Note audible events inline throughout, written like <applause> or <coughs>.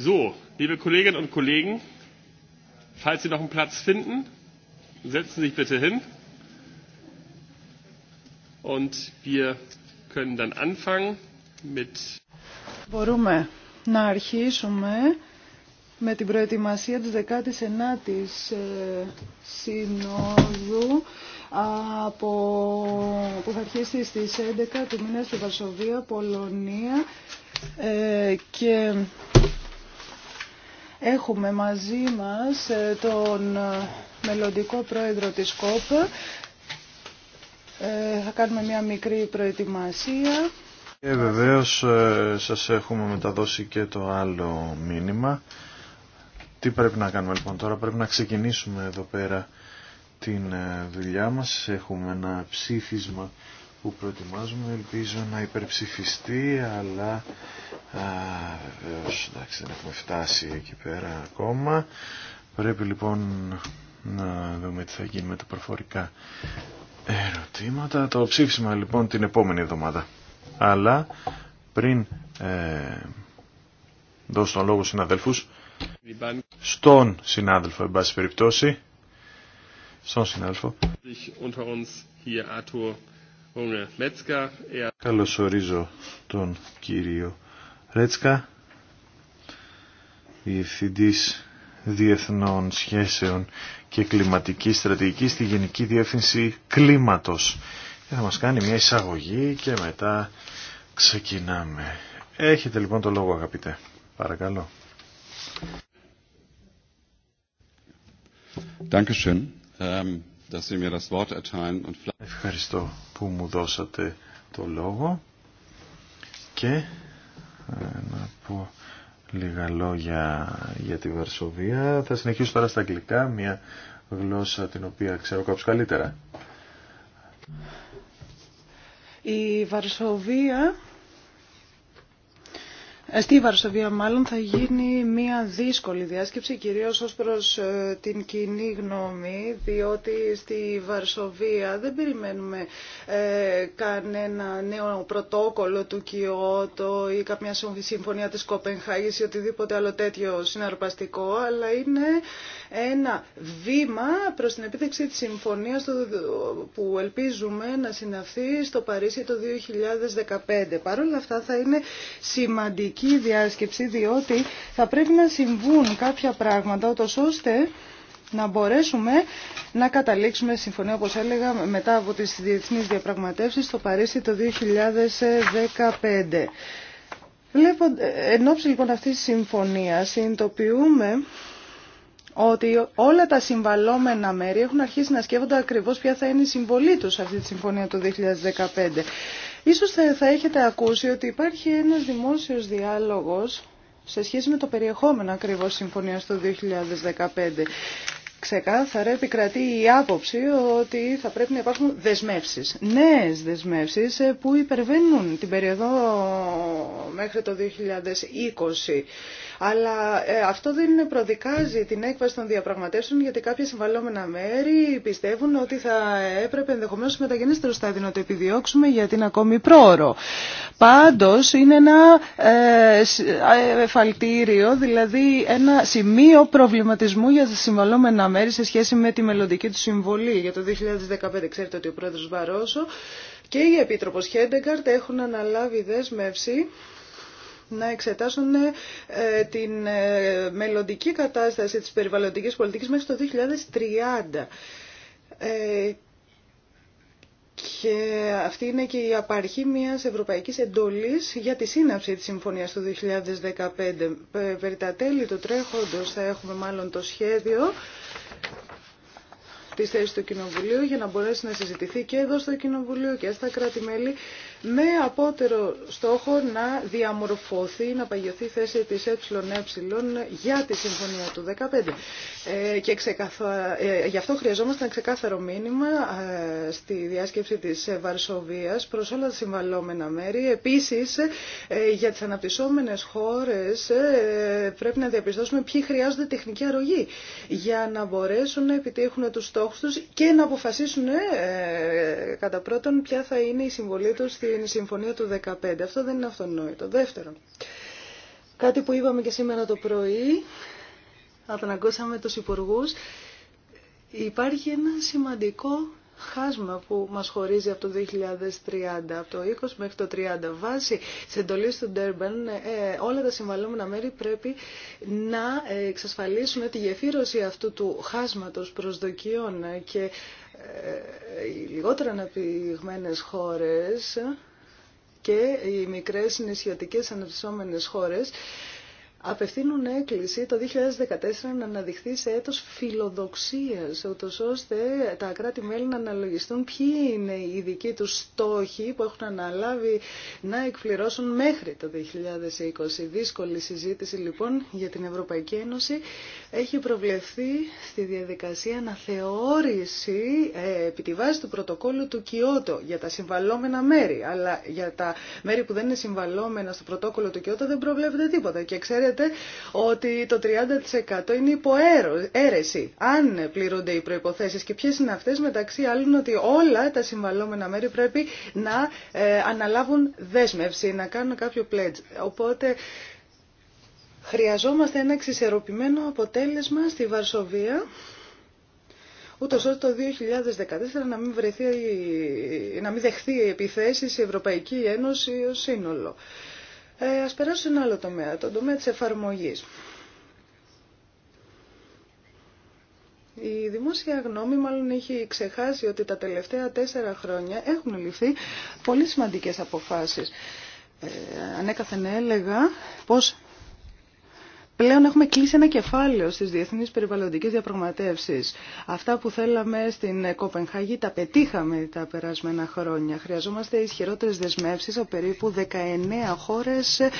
So, liebe Kolleginnen und Kollegen, falls Sie noch einen Platz finden, setzen Sie sich bitte hin. Und wir können dann anfangen mit Μπορούμε να αρχίσουμε με την προετοιμασία της 19ης Συνόδου από, που θα αρχίσει στις 11 του μήνα στη Βαρσοβία, Πολωνία και Έχουμε μαζί μας ε, τον ε, μελλοντικό πρόεδρο της ΚΟΠ. Ε, θα κάνουμε μια μικρή προετοιμασία. Και βεβαίως σας έχουμε μεταδώσει και το άλλο μήνυμα. Τι πρέπει να κάνουμε λοιπόν τώρα, πρέπει να ξεκινήσουμε εδώ πέρα την δουλειά μας. Έχουμε ένα ψήφισμα που προετοιμάζουμε. Ελπίζω να υπερψηφιστεί, αλλά βεβαίω εντάξει δεν έχουμε φτάσει εκεί πέρα ακόμα. Πρέπει λοιπόν να δούμε τι θα γίνει με τα προφορικά ερωτήματα. Το ψήφισμα λοιπόν την επόμενη εβδομάδα. Αλλά πριν ε, δώσω τον λόγο συναδέλφους, στον συνάδελφο εν πάση περιπτώσει, στον συνάδελφο. Ε, Καλωσορίζω τον κύριο Ρέτσκα, Διευθυντή διεθνών σχέσεων και κλιματικής στρατηγικής στη Γενική Διεύθυνση Κλίματος. Και θα μας κάνει μια εισαγωγή και μετά ξεκινάμε. Έχετε λοιπόν το λόγο αγαπητέ. Παρακαλώ. Ευχαριστώ που μου δώσατε το λόγο και ε, να πω λίγα λόγια για τη Βαρσοβία. Θα συνεχίσω τώρα στα αγγλικά, μια γλώσσα την οποία ξέρω κάποιος καλύτερα. Η Βαρσοβία Στη Βαρσοβία μάλλον θα γίνει μια δύσκολη διάσκεψη, κυρίως ως προς ε, την κοινή γνώμη, διότι στη Βαρσοβία δεν περιμένουμε ε, κανένα νέο πρωτόκολλο του Κιώτο ή κάποια συμφωνία της Κοπενχάγης ή οτιδήποτε άλλο τέτοιο συναρπαστικό, αλλά είναι ένα βήμα προς την επίτευξη της συμφωνίας που ελπίζουμε να συναυθεί στο Παρίσι το 2015. Παρ' αυτά θα είναι σημαντική σχετική διάσκεψη διότι θα πρέπει να συμβούν κάποια πράγματα ώστε να μπορέσουμε να καταλήξουμε συμφωνία όπως έλεγα μετά από τις διεθνείς διαπραγματεύσεις στο Παρίσι το 2015. Βλέπω, ε, εν ώψη λοιπόν αυτής της συμφωνίας συνειδητοποιούμε ότι όλα τα συμβαλόμενα μέρη έχουν αρχίσει να σκέφτονται ακριβώς ποια θα είναι η συμβολή τους σε αυτή τη συμφωνία το 2015. Ίσως θα έχετε ακούσει ότι υπάρχει ένας δημόσιος διάλογος σε σχέση με το περιεχόμενο ακριβώς συμφωνίας του 2015. Ξεκάθαρα επικρατεί η άποψη ότι θα πρέπει να υπάρχουν δεσμεύσεις, νέες δεσμεύσεις ε, που υπερβαίνουν την περίοδο μέχρι το 2020. Αλλά ε, αυτό δεν προδικάζει την έκβαση των διαπραγματεύσεων γιατί κάποια συμβαλόμενα μέρη πιστεύουν ότι θα έπρεπε ενδεχομένω μεταγενέστερο στάδιο να το επιδιώξουμε για την ακόμη πρόωρο. Πάντω είναι ένα ε, εφαλτήριο, δηλαδή ένα σημείο προβληματισμού για τα συμβαλόμενα μέρη σε σχέση με τη μελλοντική του συμβολή για το 2015. Ξέρετε ότι ο πρόεδρο Βαρόσο και η Επίτροπος Χέντεγκαρτ έχουν αναλάβει δέσμευση να εξετάσουν ε, την ε, μελλοντική κατάσταση της περιβαλλοντικής πολιτικής μέχρι το 2030. Ε, και αυτή είναι και η απαρχή μιας ευρωπαϊκής εντολής για τη σύναψη της συμφωνίας του 2015. Περί τα τέλη του τρέχοντος θα έχουμε μάλλον το σχέδιο της θέσης του Κοινοβουλίου για να μπορέσει να συζητηθεί και εδώ στο Κοινοβουλίο και στα κράτη-μέλη με απότερο στόχο να διαμορφωθεί, να παγιωθεί η θέση της ΕΕ για τη Συμφωνία του 2015. Ε, και ξεκαθα... Ε, γι' αυτό χρειαζόμαστε ένα ξεκάθαρο μήνυμα ε, στη διάσκεψη της Βαρσοβίας προς όλα τα συμβαλόμενα μέρη. Επίσης, ε, για τις αναπτυσσόμενες χώρες πρέπει να διαπιστώσουμε ποιοι χρειάζονται τεχνική αρρωγή για να μπορέσουν να επιτύχουν τους στόχους τους και να αποφασίσουν κατά πρώτον ποια θα είναι η συμβολή τους στη η συμφωνία του 2015. Αυτό δεν είναι αυτονόητο. Δεύτερο. κάτι που είπαμε και σήμερα το πρωί, όταν ακούσαμε τους υπουργούς, υπάρχει ένα σημαντικό χάσμα που μας χωρίζει από το 2030, από το 20 μέχρι το 30. Βάσει τη εντολή του Durban, ε, όλα τα συμβαλόμενα μέρη πρέπει να εξασφαλίσουν τη γεφύρωση αυτού του χάσματος προσδοκιών και οι ε, λιγότερα αναπτυγμένες χώρες και οι μικρές νησιωτικές αναπτυσσόμενες χώρες απευθύνουν έκκληση το 2014 να αναδειχθεί σε έτος φιλοδοξίας, ούτως ώστε τα κράτη-μέλη να αναλογιστούν ποιοι είναι οι δικοί τους στόχοι που έχουν αναλάβει να εκπληρώσουν μέχρι το 2020. Δύσκολη συζήτηση λοιπόν για την Ευρωπαϊκή Ένωση έχει προβλεφθεί στη διαδικασία να ε, επί τη βάση του πρωτοκόλλου του Κιώτο για τα συμβαλόμενα μέρη. Αλλά για τα μέρη που δεν είναι συμβαλόμενα στο πρωτόκολλο του Κιώτο δεν προβλέπεται τίποτα. Και ξέρετε ότι το 30% είναι υποαίρεση. Αν πληρούνται οι προϋποθέσεις και ποιες είναι αυτές μεταξύ άλλων ότι όλα τα συμβαλόμενα μέρη πρέπει να ε, αναλάβουν δέσμευση, να κάνουν κάποιο pledge. Οπότε Χρειαζόμαστε ένα εξισερωπημένο αποτέλεσμα στη Βαρσοβία, ούτως ώστε το 2014 να μην, βρεθεί, να μην δεχθεί επιθέσεις η Ευρωπαϊκή Ένωση ως σύνολο. Ε, ας περάσω σε ένα άλλο τομέα, τον τομέα της εφαρμογής. Η δημόσια γνώμη μάλλον έχει ξεχάσει ότι τα τελευταία τέσσερα χρόνια έχουν ληφθεί πολύ σημαντικές αποφάσεις. Ε, ανέκαθεν έλεγα πως Πλέον έχουμε κλείσει ένα κεφάλαιο στις διεθνείς περιβαλλοντικές διαπραγματεύσεις. Αυτά που θέλαμε στην Κοπενχάγη τα πετύχαμε τα περάσμενα χρόνια. Χρειαζόμαστε ισχυρότερες δεσμεύσεις από περίπου 19 χώρες ε,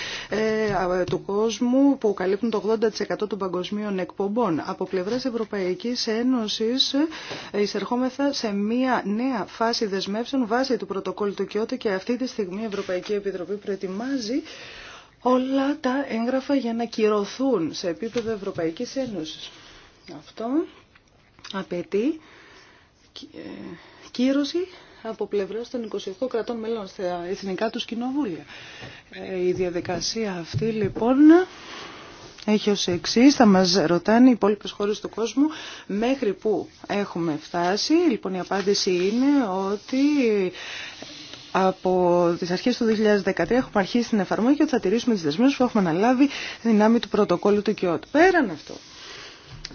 του κόσμου που καλύπτουν το 80% των παγκοσμίων εκπομπών. Από πλευράς Ευρωπαϊκής Ένωσης ε, εισερχόμεθα σε μια νέα φάση δεσμεύσεων βάσει του πρωτοκόλλου του Κιώτο και αυτή τη στιγμή η Ευρωπαϊκή Επιτροπή προετοιμάζει όλα τα έγγραφα για να κυρωθούν σε επίπεδο Ευρωπαϊκής Ένωσης. Αυτό απαιτεί ε, κύρωση από πλευρά των 28 κρατών μελών στα εθνικά τους κοινοβούλια. Ε, η διαδικασία αυτή λοιπόν έχει ως εξή, θα μας ρωτάνε οι υπόλοιπε χώρε του κόσμου μέχρι που έχουμε φτάσει. Λοιπόν η απάντηση είναι ότι από τις αρχές του 2013 έχουμε αρχίσει την εφαρμογή και θα τηρήσουμε τις δεσμεύσεις που έχουμε αναλάβει δυνάμει του πρωτοκόλλου του ΚΙΟΤ. Πέραν αυτό.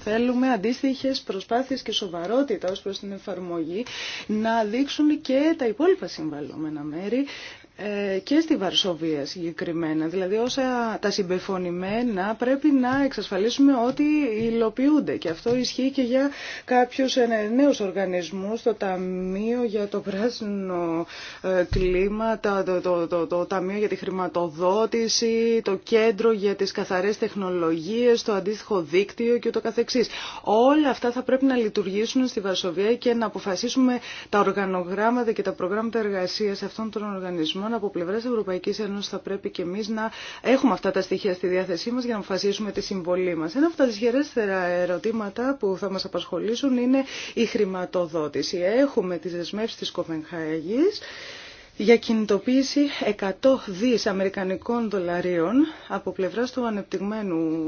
Θέλουμε αντίστοιχε προσπάθειες και σοβαρότητα ω προς την εφαρμογή να δείξουν και τα υπόλοιπα συμβαλλόμενα μέρη ε, και στη Βαρσοβία συγκεκριμένα. Δηλαδή όσα τα συμπεφωνημένα πρέπει να εξασφαλίσουμε ότι υλοποιούνται. Και αυτό ισχύει και για κάποιους ε, νέους οργανισμούς, το Ταμείο για το Πράσινο ε, Κλίμα, το, το, το, Ταμείο για τη Χρηματοδότηση, το Κέντρο για τις Καθαρές Τεχνολογίες, το αντίστοιχο δίκτυο και το καθεξής. Όλα αυτά θα πρέπει να λειτουργήσουν στη Βαρσοβία και να αποφασίσουμε τα οργανογράμματα και τα προγράμματα εργασίας αυτών των οργανισμών Μόνο από πλευρά Ευρωπαϊκή Ένωση θα πρέπει και εμεί να έχουμε αυτά τα στοιχεία στη διάθεσή μα για να αποφασίσουμε τη συμβολή μα. Ένα από τα δυσχερέστερα ερωτήματα που θα μα απασχολήσουν είναι η χρηματοδότηση. Έχουμε τι δεσμεύσει τη Κοπενχάγη για κινητοποίηση 100 δις αμερικανικών δολαρίων από πλευράς του ανεπτυγμένου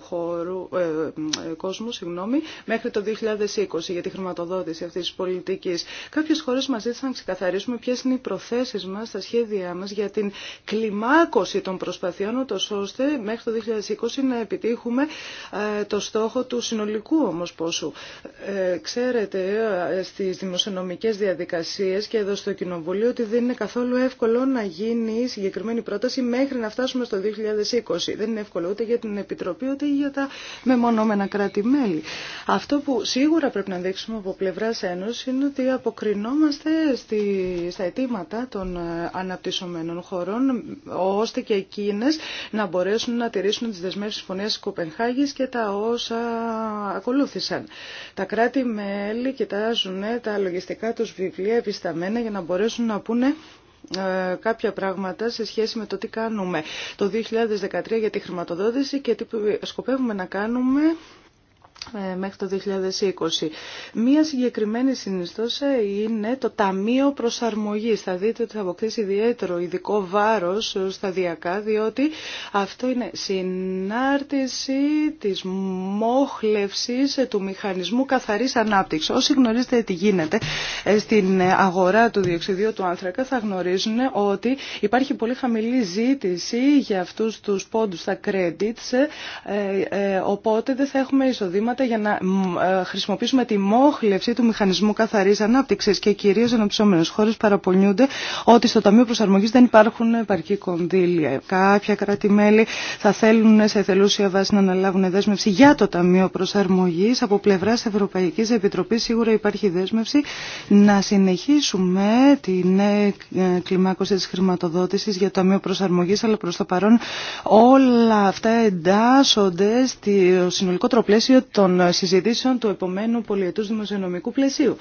χώρου, ε, ε, κόσμου συγγνώμη, μέχρι το 2020 για τη χρηματοδότηση αυτής της πολιτικής. Κάποιες χώρες μας ζήτησαν να ξεκαθαρίσουμε ποιες είναι οι προθέσεις μας, τα σχέδιά μας για την κλιμάκωση των προσπαθειών, ώστε μέχρι το 2020 να επιτύχουμε ε, το στόχο του συνολικού όμως πόσου. ξέρετε στις δημοσιονομικές διαδικασίες και εδώ στο Κοινοβουλίο ότι δεν είναι καθόλου εύκολο να γίνει η συγκεκριμένη πρόταση μέχρι να φτάσουμε στο 2020. Δεν είναι εύκολο ούτε για την Επιτροπή ούτε για τα μεμονωμένα κράτη-μέλη. Αυτό που σίγουρα πρέπει να δείξουμε από πλευρά Ένωση είναι ότι αποκρινόμαστε στα αιτήματα των ε, αναπτυσσομένων χωρών, ώστε και εκείνε να μπορέσουν να τηρήσουν τι δεσμεύσει συμφωνία τη Κοπενχάγη και τα όσα ακολούθησαν. Τα κράτη-μέλη κοιτάζουν τα λογιστικά του βιβλία επισταμένα για να μπορέσουν να πούν υπάρχουν ε, κάποια πράγματα σε σχέση με το τι κάνουμε το 2013 για τη χρηματοδότηση και τι σκοπεύουμε να κάνουμε ε, μέχρι το 2020. Μία συγκεκριμένη συνιστόσα είναι το Ταμείο Προσαρμογής. Θα δείτε ότι θα αποκτήσει ιδιαίτερο ειδικό βάρος σταδιακά, διότι αυτό είναι συνάρτηση της μόχλευσης του μηχανισμού καθαρής ανάπτυξης. Όσοι γνωρίζετε τι γίνεται ε, στην αγορά του διοξιδίου του άνθρακα θα γνωρίζουν ότι υπάρχει πολύ χαμηλή ζήτηση για αυτούς τους πόντους, στα credits, ε, οπότε δεν θα έχουμε εισοδήματα για να ε, χρησιμοποιήσουμε τη μόχλευση του μηχανισμού καθαρή ανάπτυξη και κυρίω αναπτυσσόμενε χώρε παραπονιούνται ότι στο Ταμείο Προσαρμογή δεν υπάρχουν επαρκή κονδύλια. Κάποια κράτη-μέλη θα θέλουν σε θελούσια βάση να αναλάβουν δέσμευση για το Ταμείο Προσαρμογή. Από πλευρά Ευρωπαϊκή Επιτροπή σίγουρα υπάρχει δέσμευση να συνεχίσουμε την ε, ε, κλιμάκωση τη χρηματοδότηση για το Ταμείο Προσαρμογή, αλλά προ το παρόν όλα αυτά εντάσσονται στο συνολικό τροπλαίσιο των συζητήσεων του επομένου πολιετού δημοσιονομικού πλαισίου.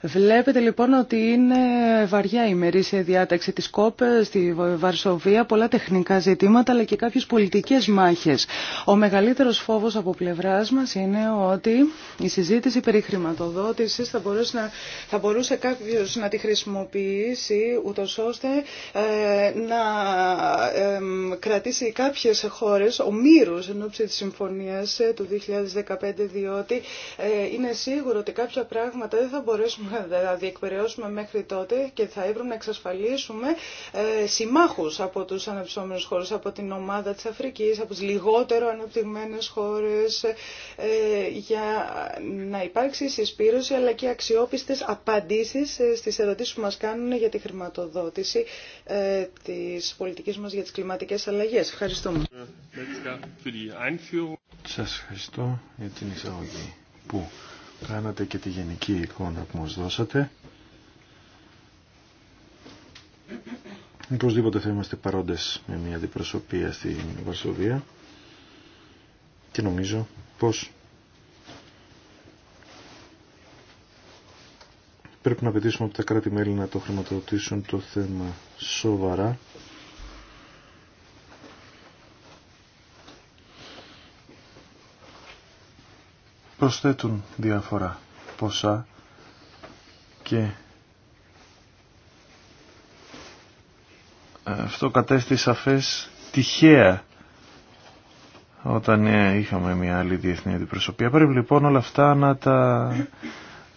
Βλέπετε λοιπόν ότι είναι βαριά η μερίσια διάταξη τη ΚΟΠ στη Βαρσοβία, πολλά τεχνικά ζητήματα αλλά και κάποιε πολιτικέ μάχε. Ο μεγαλύτερο φόβο από πλευρά μα είναι ότι η συζήτηση περί χρηματοδότηση θα μπορούσε, θα μπορούσε κάποιος να τη χρησιμοποιήσει ούτω ώστε ε, να κρατήσει κάποιες χώρες ο μύρος εν ώψη της συμφωνίας ε, του 2015 διότι ε, είναι σίγουρο ότι κάποια πράγματα δεν θα μπορέσουμε να τα διεκπαιρεώσουμε μέχρι τότε και θα έπρεπε να εξασφαλίσουμε ε, συμμάχους από τους αναπτυσσόμενους χώρους, από την ομάδα της Αφρικής, από τις λιγότερο αναπτυγμένες χώρες για να υπάρξει συσπήρωση αλλά και αξιόπιστες απαντήσεις στις ερωτήσεις που μας κάνουν για τη χρηματοδότηση της πολιτικής μας τις κλιματικές αλλαγές. Ευχαριστούμε. Σας ευχαριστώ για την εισαγωγή που κάνατε και τη γενική εικόνα που μας δώσατε. Οπωσδήποτε θα είμαστε παρόντες με μια αντιπροσωπεία στην Βαρσοβία και νομίζω πως πρέπει να απαιτήσουμε από τα κράτη-μέλη να το χρηματοδοτήσουν το θέμα σοβαρά προσθέτουν διάφορα ποσά και αυτό κατέστη σαφές τυχαία όταν ε, είχαμε μια άλλη διεθνή αντιπροσωπεία. Πρέπει λοιπόν όλα αυτά να τα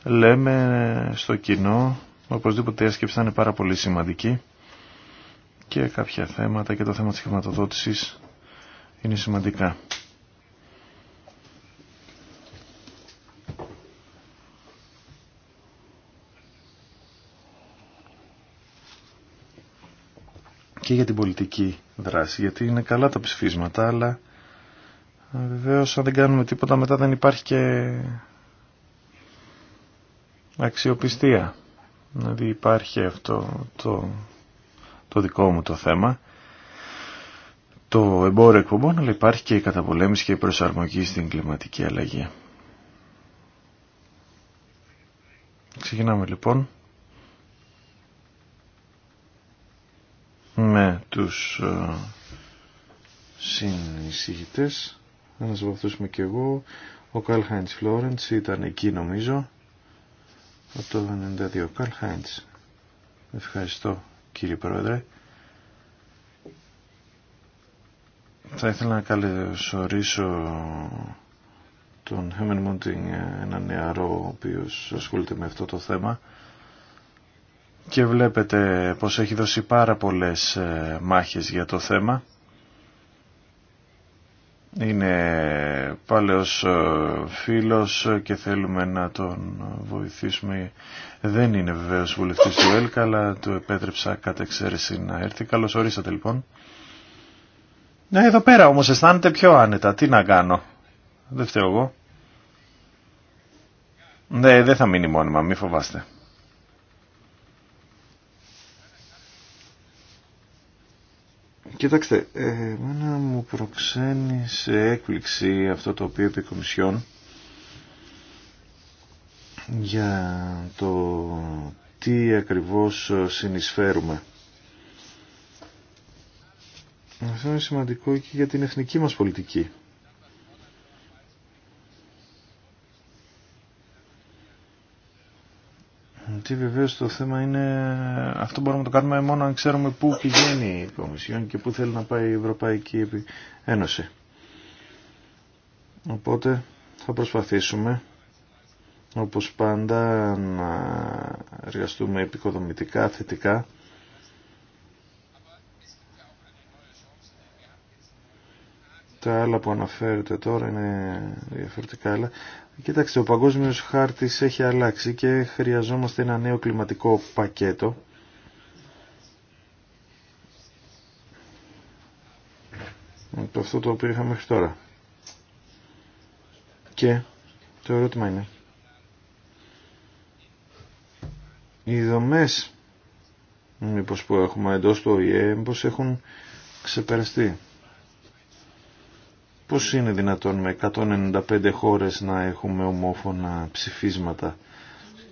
λέμε στο κοινό. Οπωσδήποτε η άσκεψη θα είναι πάρα πολύ σημαντική και κάποια θέματα και το θέμα της χρηματοδότησης είναι σημαντικά. και για την πολιτική δράση, γιατί είναι καλά τα ψηφίσματα, αλλά ε, βεβαίω αν δεν κάνουμε τίποτα μετά δεν υπάρχει και αξιοπιστία. Δηλαδή υπάρχει αυτό το, το δικό μου το θέμα, το εμπόριο εκπομπών, αλλά υπάρχει και η καταπολέμηση και η προσαρμογή στην κλιματική αλλαγή. Ξεκινάμε λοιπόν με τους ε, συνεισηγητές. να σας αυτούς και εγώ. Ο Καλ Χάιντς Φλόρεντς ήταν εκεί νομίζω. Από το 92. Καλ Χάιντς. Ευχαριστώ κύριε Πρόεδρε. Θα ήθελα να καλωσορίσω τον Χέμεν Μούντινγκ, ένα νεαρό ο οποίος ασχολείται με αυτό το θέμα και βλέπετε πως έχει δώσει πάρα πολλές ε, μάχες για το θέμα. Είναι παλαιός ε, φίλος και θέλουμε να τον βοηθήσουμε. Δεν είναι βεβαίως βουλευτής του έλκα, αλλά του επέτρεψα κατ' εξαίρεση να έρθει. Καλώς ορίσατε λοιπόν. Ναι, εδώ πέρα όμως αισθάνεται πιο άνετα. Τι να κάνω. Δεν φταίω εγώ. Ναι, δεν θα μείνει μόνιμα, μη φοβάστε. Κοιτάξτε, εμένα μου προξένει σε έκπληξη αυτό το οποίο είπε η Κομισιόν για το τι ακριβώς συνεισφέρουμε. Αυτό είναι σημαντικό και για την εθνική μας πολιτική. γιατί βεβαίως το θέμα είναι αυτό μπορούμε να το κάνουμε μόνο αν ξέρουμε πού πηγαίνει η Κομισιόν και πού θέλει να πάει η Ευρωπαϊκή Ένωση. Οπότε θα προσπαθήσουμε όπως πάντα να εργαστούμε επικοδομητικά, θετικά τα άλλα που αναφέρετε τώρα είναι διαφορετικά, αλλά κοιτάξτε, ο παγκόσμιος χάρτης έχει αλλάξει και χρειαζόμαστε ένα νέο κλιματικό πακέτο. Το αυτό το οποίο είχαμε μέχρι τώρα. Και το ερώτημα είναι, οι δομές μήπως που έχουμε εντός του ΟΗΕ, μήπως έχουν ξεπεραστεί. Πώς είναι δυνατόν με 195 χώρες να έχουμε ομόφωνα ψηφίσματα.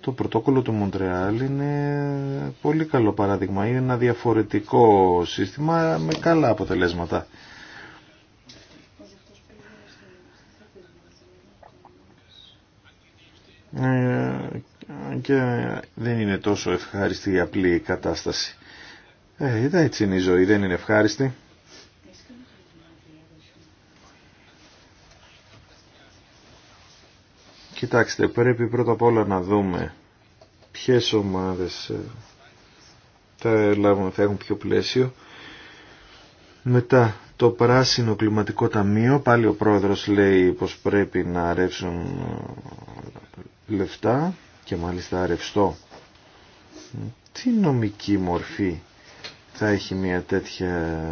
Το πρωτόκολλο του Μοντρεάλ είναι πολύ καλό παράδειγμα. Είναι ένα διαφορετικό σύστημα με καλά αποτελέσματα. Ε, και δεν είναι τόσο ευχάριστη η απλή κατάσταση. Ε, έτσι είναι η ζωή, δεν είναι ευχάριστη. Κοιτάξτε, πρέπει πρώτα απ' όλα να δούμε ποιες ομάδες ε, θα, θα έχουν πιο πλαίσιο. Μετά το πράσινο κλιματικό ταμείο, πάλι ο πρόεδρος λέει πως πρέπει να ρεύσουν ε, λεφτά και μάλιστα ρευστό. Τι νομική μορφή θα έχει μια τέτοια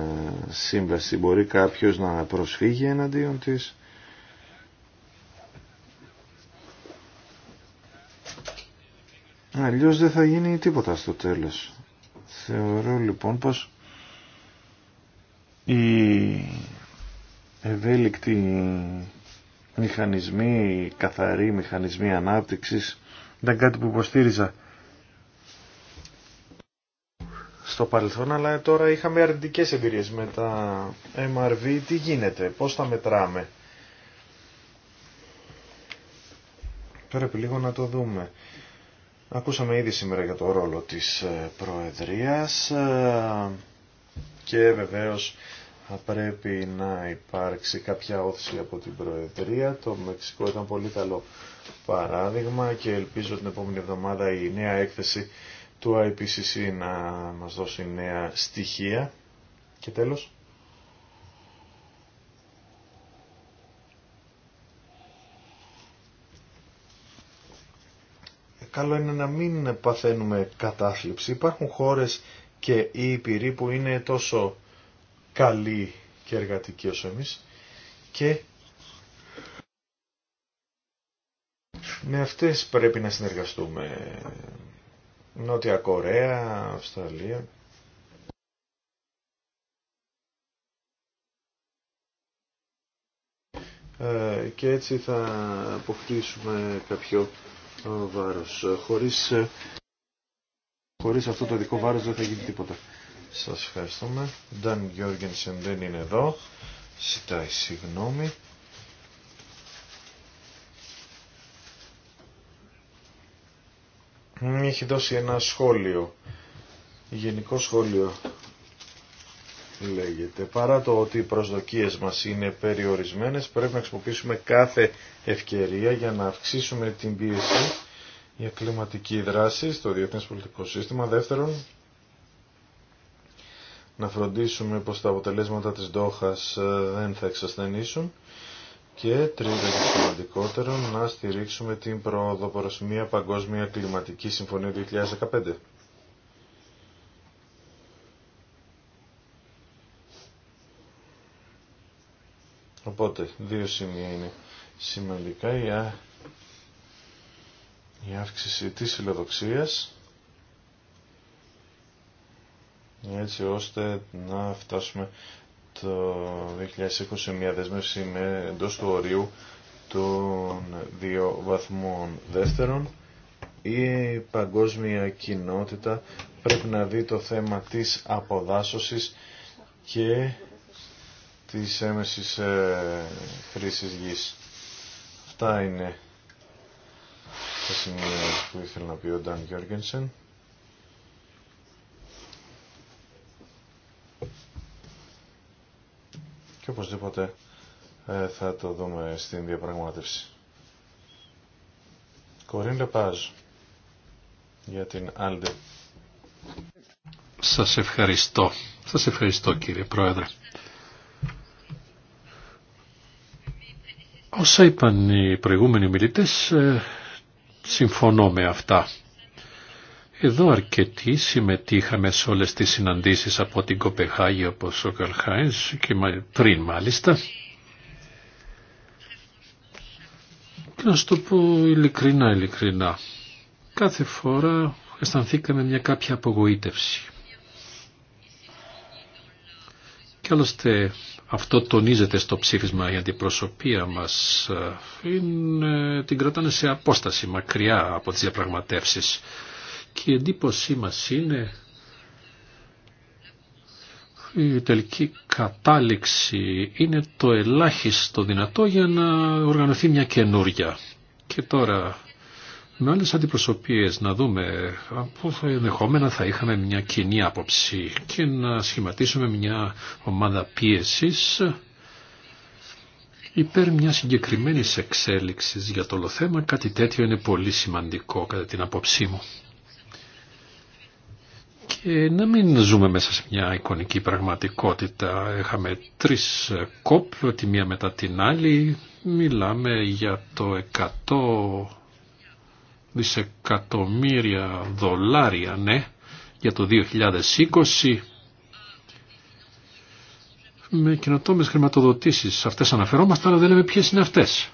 σύμβαση, μπορεί κάποιος να προσφύγει εναντίον της. Αλλιώς δεν θα γίνει τίποτα στο τέλος. Θεωρώ λοιπόν πως οι ευέλικτοι μηχανισμοί, οι καθαροί μηχανισμοί ανάπτυξης ήταν κάτι που υποστήριζα στο παρελθόν, αλλά τώρα είχαμε αρνητικές εμπειρίες με τα MRV. Τι γίνεται, πώς τα μετράμε. Πρέπει λίγο να το δούμε. Ακούσαμε ήδη σήμερα για το ρόλο της ε, Προεδρίας ε, και βεβαίως θα πρέπει να υπάρξει κάποια όθηση από την Προεδρία. Το Μεξικό ήταν πολύ καλό παράδειγμα και ελπίζω την επόμενη εβδομάδα η νέα έκθεση του IPCC να μας δώσει νέα στοιχεία. Και τέλος. καλό είναι να μην παθαίνουμε κατάθλιψη. Υπάρχουν χώρες και η υπηροί που είναι τόσο καλοί και εργατικοί όσο εμείς και με αυτές πρέπει να συνεργαστούμε. Νότια Κορέα, Αυστραλία. Ε, και έτσι θα αποκτήσουμε κάποιο βάρος. Χωρίς, χωρίς αυτό το δικό βάρος δεν θα γίνει τίποτα. Σας ευχαριστούμε. Νταν Γιώργενσεν δεν είναι εδώ. Ζητάει συγγνώμη. Μου έχει δώσει ένα σχόλιο. Γενικό σχόλιο λέγεται. Παρά το ότι οι προσδοκίες μας είναι περιορισμένες, πρέπει να χρησιμοποιήσουμε κάθε ευκαιρία για να αυξήσουμε την πίεση για κλιματική δράση στο διεθνές πολιτικό σύστημα. Δεύτερον, να φροντίσουμε πως τα αποτελέσματα της ΔΟΧΑΣ ε, δεν θα εξασθενήσουν. Και τρίτον, και σημαντικότερο, να στηρίξουμε την πρόοδο προς μια παγκόσμια κλιματική συμφωνία 2015. Οπότε, δύο σημεία είναι σημαντικά. Η, η αύξηση της φιλοδοξίας, έτσι ώστε να φτάσουμε το 2020 σε μια δέσμευση εντός του ορίου των δύο βαθμών δεύτερων. Η παγκόσμια κοινότητα πρέπει να δει το θέμα της αποδάσωσης και της έμεσης ε, χρήσης γης. Αυτά είναι τα σημεία που ήθελε να πει ο Νταν Γιόργενσεν. Και οπωσδήποτε ε, θα το δούμε στην διαπραγμάτευση. Κορίν Λεπάζ για την Άλντε. Σας ευχαριστώ. Σας ευχαριστώ κύριε Πρόεδρε. Όσα είπαν οι προηγούμενοι μιλητές, ε, συμφωνώ με αυτά. Εδώ αρκετοί συμμετείχαμε σε όλες τις συναντήσεις από την Κοπεχάγη από ο Καλχάινς και πριν μάλιστα. Και να σου το πω ειλικρινά, ειλικρινά. Κάθε φορά αισθανθήκαμε μια κάποια απογοήτευση. Και άλλωστε αυτό τονίζεται στο ψήφισμα η αντιπροσωπεία μας. Ε, είναι, την κρατάνε σε απόσταση μακριά από τις διαπραγματεύσεις. Και η εντύπωσή μας είναι η τελική κατάληξη είναι το ελάχιστο δυνατό για να οργανωθεί μια καινούρια. Και τώρα με άλλες αντιπροσωπείες να δούμε πού θα ενδεχόμενα θα είχαμε μια κοινή άποψη και να σχηματίσουμε μια ομάδα πίεσης υπέρ μια συγκεκριμένη εξέλιξη για το όλο θέμα. Κάτι τέτοιο είναι πολύ σημαντικό κατά την άποψή μου. Και να μην ζούμε μέσα σε μια εικονική πραγματικότητα. Έχαμε τρεις κόπλου τη μία μετά την άλλη. Μιλάμε για το δισεκατομμύρια δολάρια, ναι, για το 2020 με καινοτόμες χρηματοδοτήσεις. Αυτές αναφερόμαστε, αλλά δεν λέμε ποιες είναι αυτές.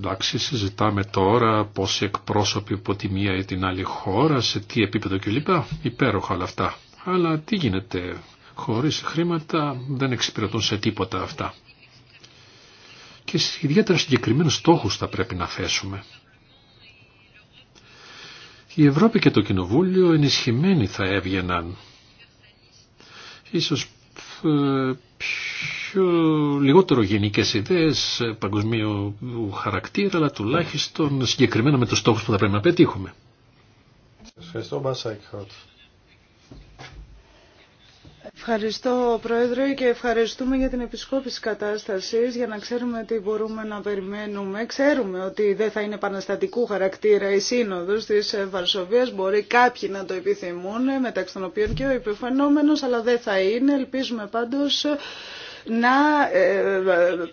Εντάξει, συζητάμε τώρα πόσοι εκπρόσωποι από τη μία ή την άλλη χώρα, σε τι επίπεδο κλπ. Υπέροχα όλα αυτά. Αλλά τι γίνεται, χωρίς χρήματα δεν εξυπηρετούν σε τίποτα αυτά. Και ιδιαίτερα συγκεκριμένους στόχους θα πρέπει να θέσουμε η Ευρώπη και το Κοινοβούλιο ενισχυμένοι θα έβγαιναν. Ίσως ε, πιο λιγότερο γενικές ιδέες παγκοσμίου χαρακτήρα, αλλά τουλάχιστον συγκεκριμένα με τους στόχους που θα πρέπει να πετύχουμε. Ευχαριστώ Πρόεδρε και ευχαριστούμε για την επισκόπηση κατάστασης για να ξέρουμε τι μπορούμε να περιμένουμε. Ξέρουμε ότι δεν θα είναι επαναστατικού χαρακτήρα η σύνοδος της Βαρσοβίας. Μπορεί κάποιοι να το επιθυμούν μεταξύ των οποίων και ο υπεφαινόμενος αλλά δεν θα είναι. Ελπίζουμε πάντως να ε,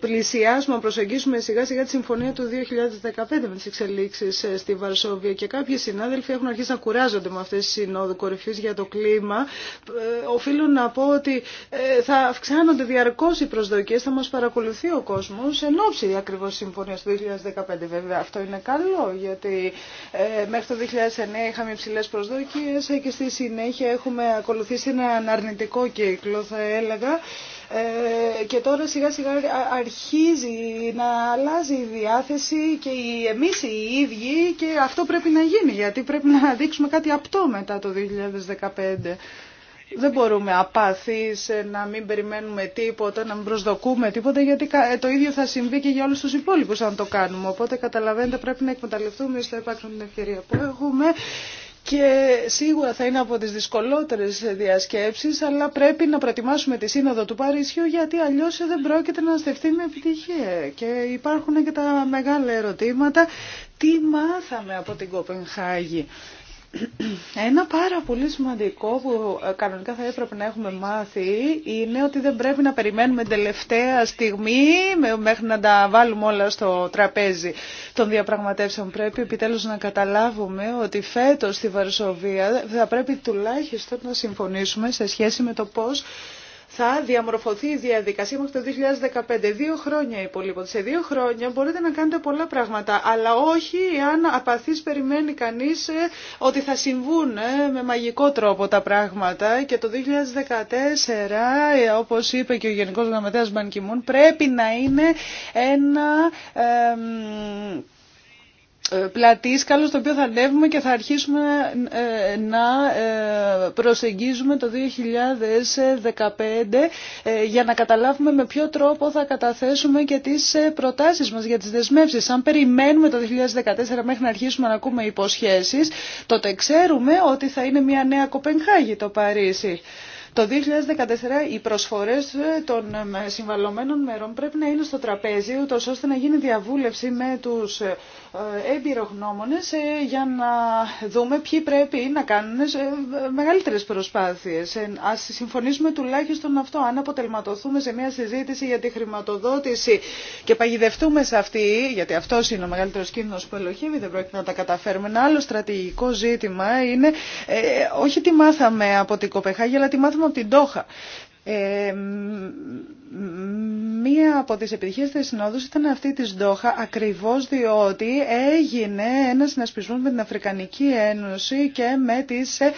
πλησιάσουμε, να προσεγγίσουμε σιγά σιγά τη συμφωνία του 2015 με τι εξελίξεις ε, στη Βαρσόβια και κάποιοι συνάδελφοι έχουν αρχίσει να κουράζονται με αυτέ τι συνόδου κορυφή για το κλίμα. Ε, οφείλω να πω ότι θα αυξάνονται διαρκώ οι προσδοκίες, θα μα παρακολουθεί ο κόσμο. εν ώψη τη συμφωνία του 2015 βέβαια. Αυτό είναι καλό γιατί μέχρι το 2009 είχαμε υψηλέ προσδόκίε και στη συνέχεια έχουμε ακολουθήσει ένα αρνητικό κύκλο θα έλεγα. Ε, και τώρα σιγά σιγά αρχίζει να αλλάζει η διάθεση και οι, εμείς οι ίδιοι και αυτό πρέπει να γίνει γιατί πρέπει να δείξουμε κάτι απτό μετά το 2015. Δεν μπορούμε απαθείς ε, να μην περιμένουμε τίποτα, να μην προσδοκούμε τίποτα, γιατί ε, το ίδιο θα συμβεί και για όλους τους υπόλοιπους αν το κάνουμε. Οπότε καταλαβαίνετε πρέπει να εκμεταλλευτούμε στο επάξον την ευκαιρία που έχουμε και σίγουρα θα είναι από τις δυσκολότερες διασκέψεις, αλλά πρέπει να προετοιμάσουμε τη σύνοδο του Παρισιού, γιατί αλλιώς δεν πρόκειται να στεφτεί με επιτυχία. Και υπάρχουν και τα μεγάλα ερωτήματα. Τι μάθαμε από την Κοπενχάγη. Ένα πάρα πολύ σημαντικό που ε, κανονικά θα έπρεπε να έχουμε μάθει είναι ότι δεν πρέπει να περιμένουμε τελευταία στιγμή μέχρι να τα βάλουμε όλα στο τραπέζι των διαπραγματεύσεων. Πρέπει επιτέλους να καταλάβουμε ότι φέτος στη Βαρσοβία θα πρέπει τουλάχιστον να συμφωνήσουμε σε σχέση με το πώς θα διαμορφωθεί η διαδικασία μέχρι το 2015. Δύο χρόνια υπολείπονται. Σε δύο χρόνια μπορείτε να κάνετε πολλά πράγματα, αλλά όχι αν απαθής περιμένει κανείς ε, ότι θα συμβούν ε, με μαγικό τρόπο τα πράγματα και το 2014, ε, όπως είπε και ο Γενικός Γραμματέας Μπανκιμούν, πρέπει να είναι ένα... Ε, πλατή στο το οποίο θα ανέβουμε και θα αρχίσουμε ε, να ε, προσεγγίζουμε το 2015 για να καταλάβουμε με ποιο τρόπο θα καταθέσουμε και τις προτάσεις μας για τις δεσμεύσεις. Αν περιμένουμε το 2014 μέχρι να αρχίσουμε να ακούμε υποσχέσεις, τότε ξέρουμε ότι θα είναι μια νέα Κοπενχάγη το Παρίσι. Το 2014 οι προσφορές των συμβαλωμένων μερών πρέπει να είναι στο τραπέζι, ούτως ώστε να γίνει διαβούλευση με τους ε, εμπειρογνώμονες ε, για να δούμε ποιοι πρέπει να κάνουν ε, μεγαλύτερες προσπάθειες. Ας συμφωνήσουμε τουλάχιστον αυτό. Αν αποτελματωθούμε σε μια συζήτηση για τη χρηματοδότηση και παγιδευτούμε σε αυτή, γιατί αυτό είναι ο μεγαλύτερος κίνδυνος που ελοχεύει, δεν πρόκειται να τα καταφέρουμε. Ένα άλλο στρατηγικό ζήτημα είναι όχι τι μάθαμε από την Κοπεχάγη, αλλά τι μάθαμε από την Τόχα μία από τις επιτυχίες της συνόδου ήταν αυτή της Ντόχα ακριβώς διότι έγινε ένα συνασπισμό με την Αφρικανική Ένωση και με τις ε,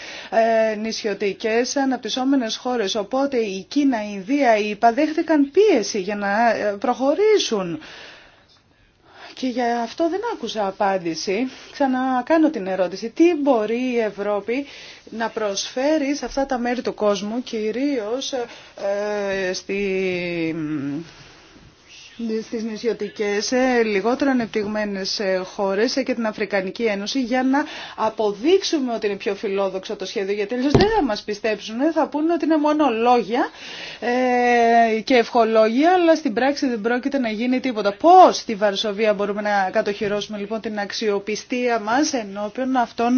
νησιωτικές αναπτυσσόμενες χώρες. Οπότε η Κίνα, η Ινδία, η ΙΠΑ πίεση για να ε, προχωρήσουν. Και για αυτό δεν άκουσα απάντηση. Ξανακάνω την ερώτηση. Τι μπορεί η Ευρώπη να προσφέρει σε αυτά τα μέρη του κόσμου, κυρίως ε, στη στις νησιωτικές, ε, λιγότερο ανεπτυγμένες ε, χώρες ε, και την Αφρικανική Ένωση για να αποδείξουμε ότι είναι πιο φιλόδοξο το σχέδιο γιατί αλλιώς δεν θα μας πιστέψουν, θα πούνε ότι είναι μόνο λόγια και ευχολόγια αλλά στην πράξη δεν πρόκειται να γίνει τίποτα. Πώς στη Βαρσοβία μπορούμε να κατοχυρώσουμε λοιπόν την αξιοπιστία μας ενώπιον αυτών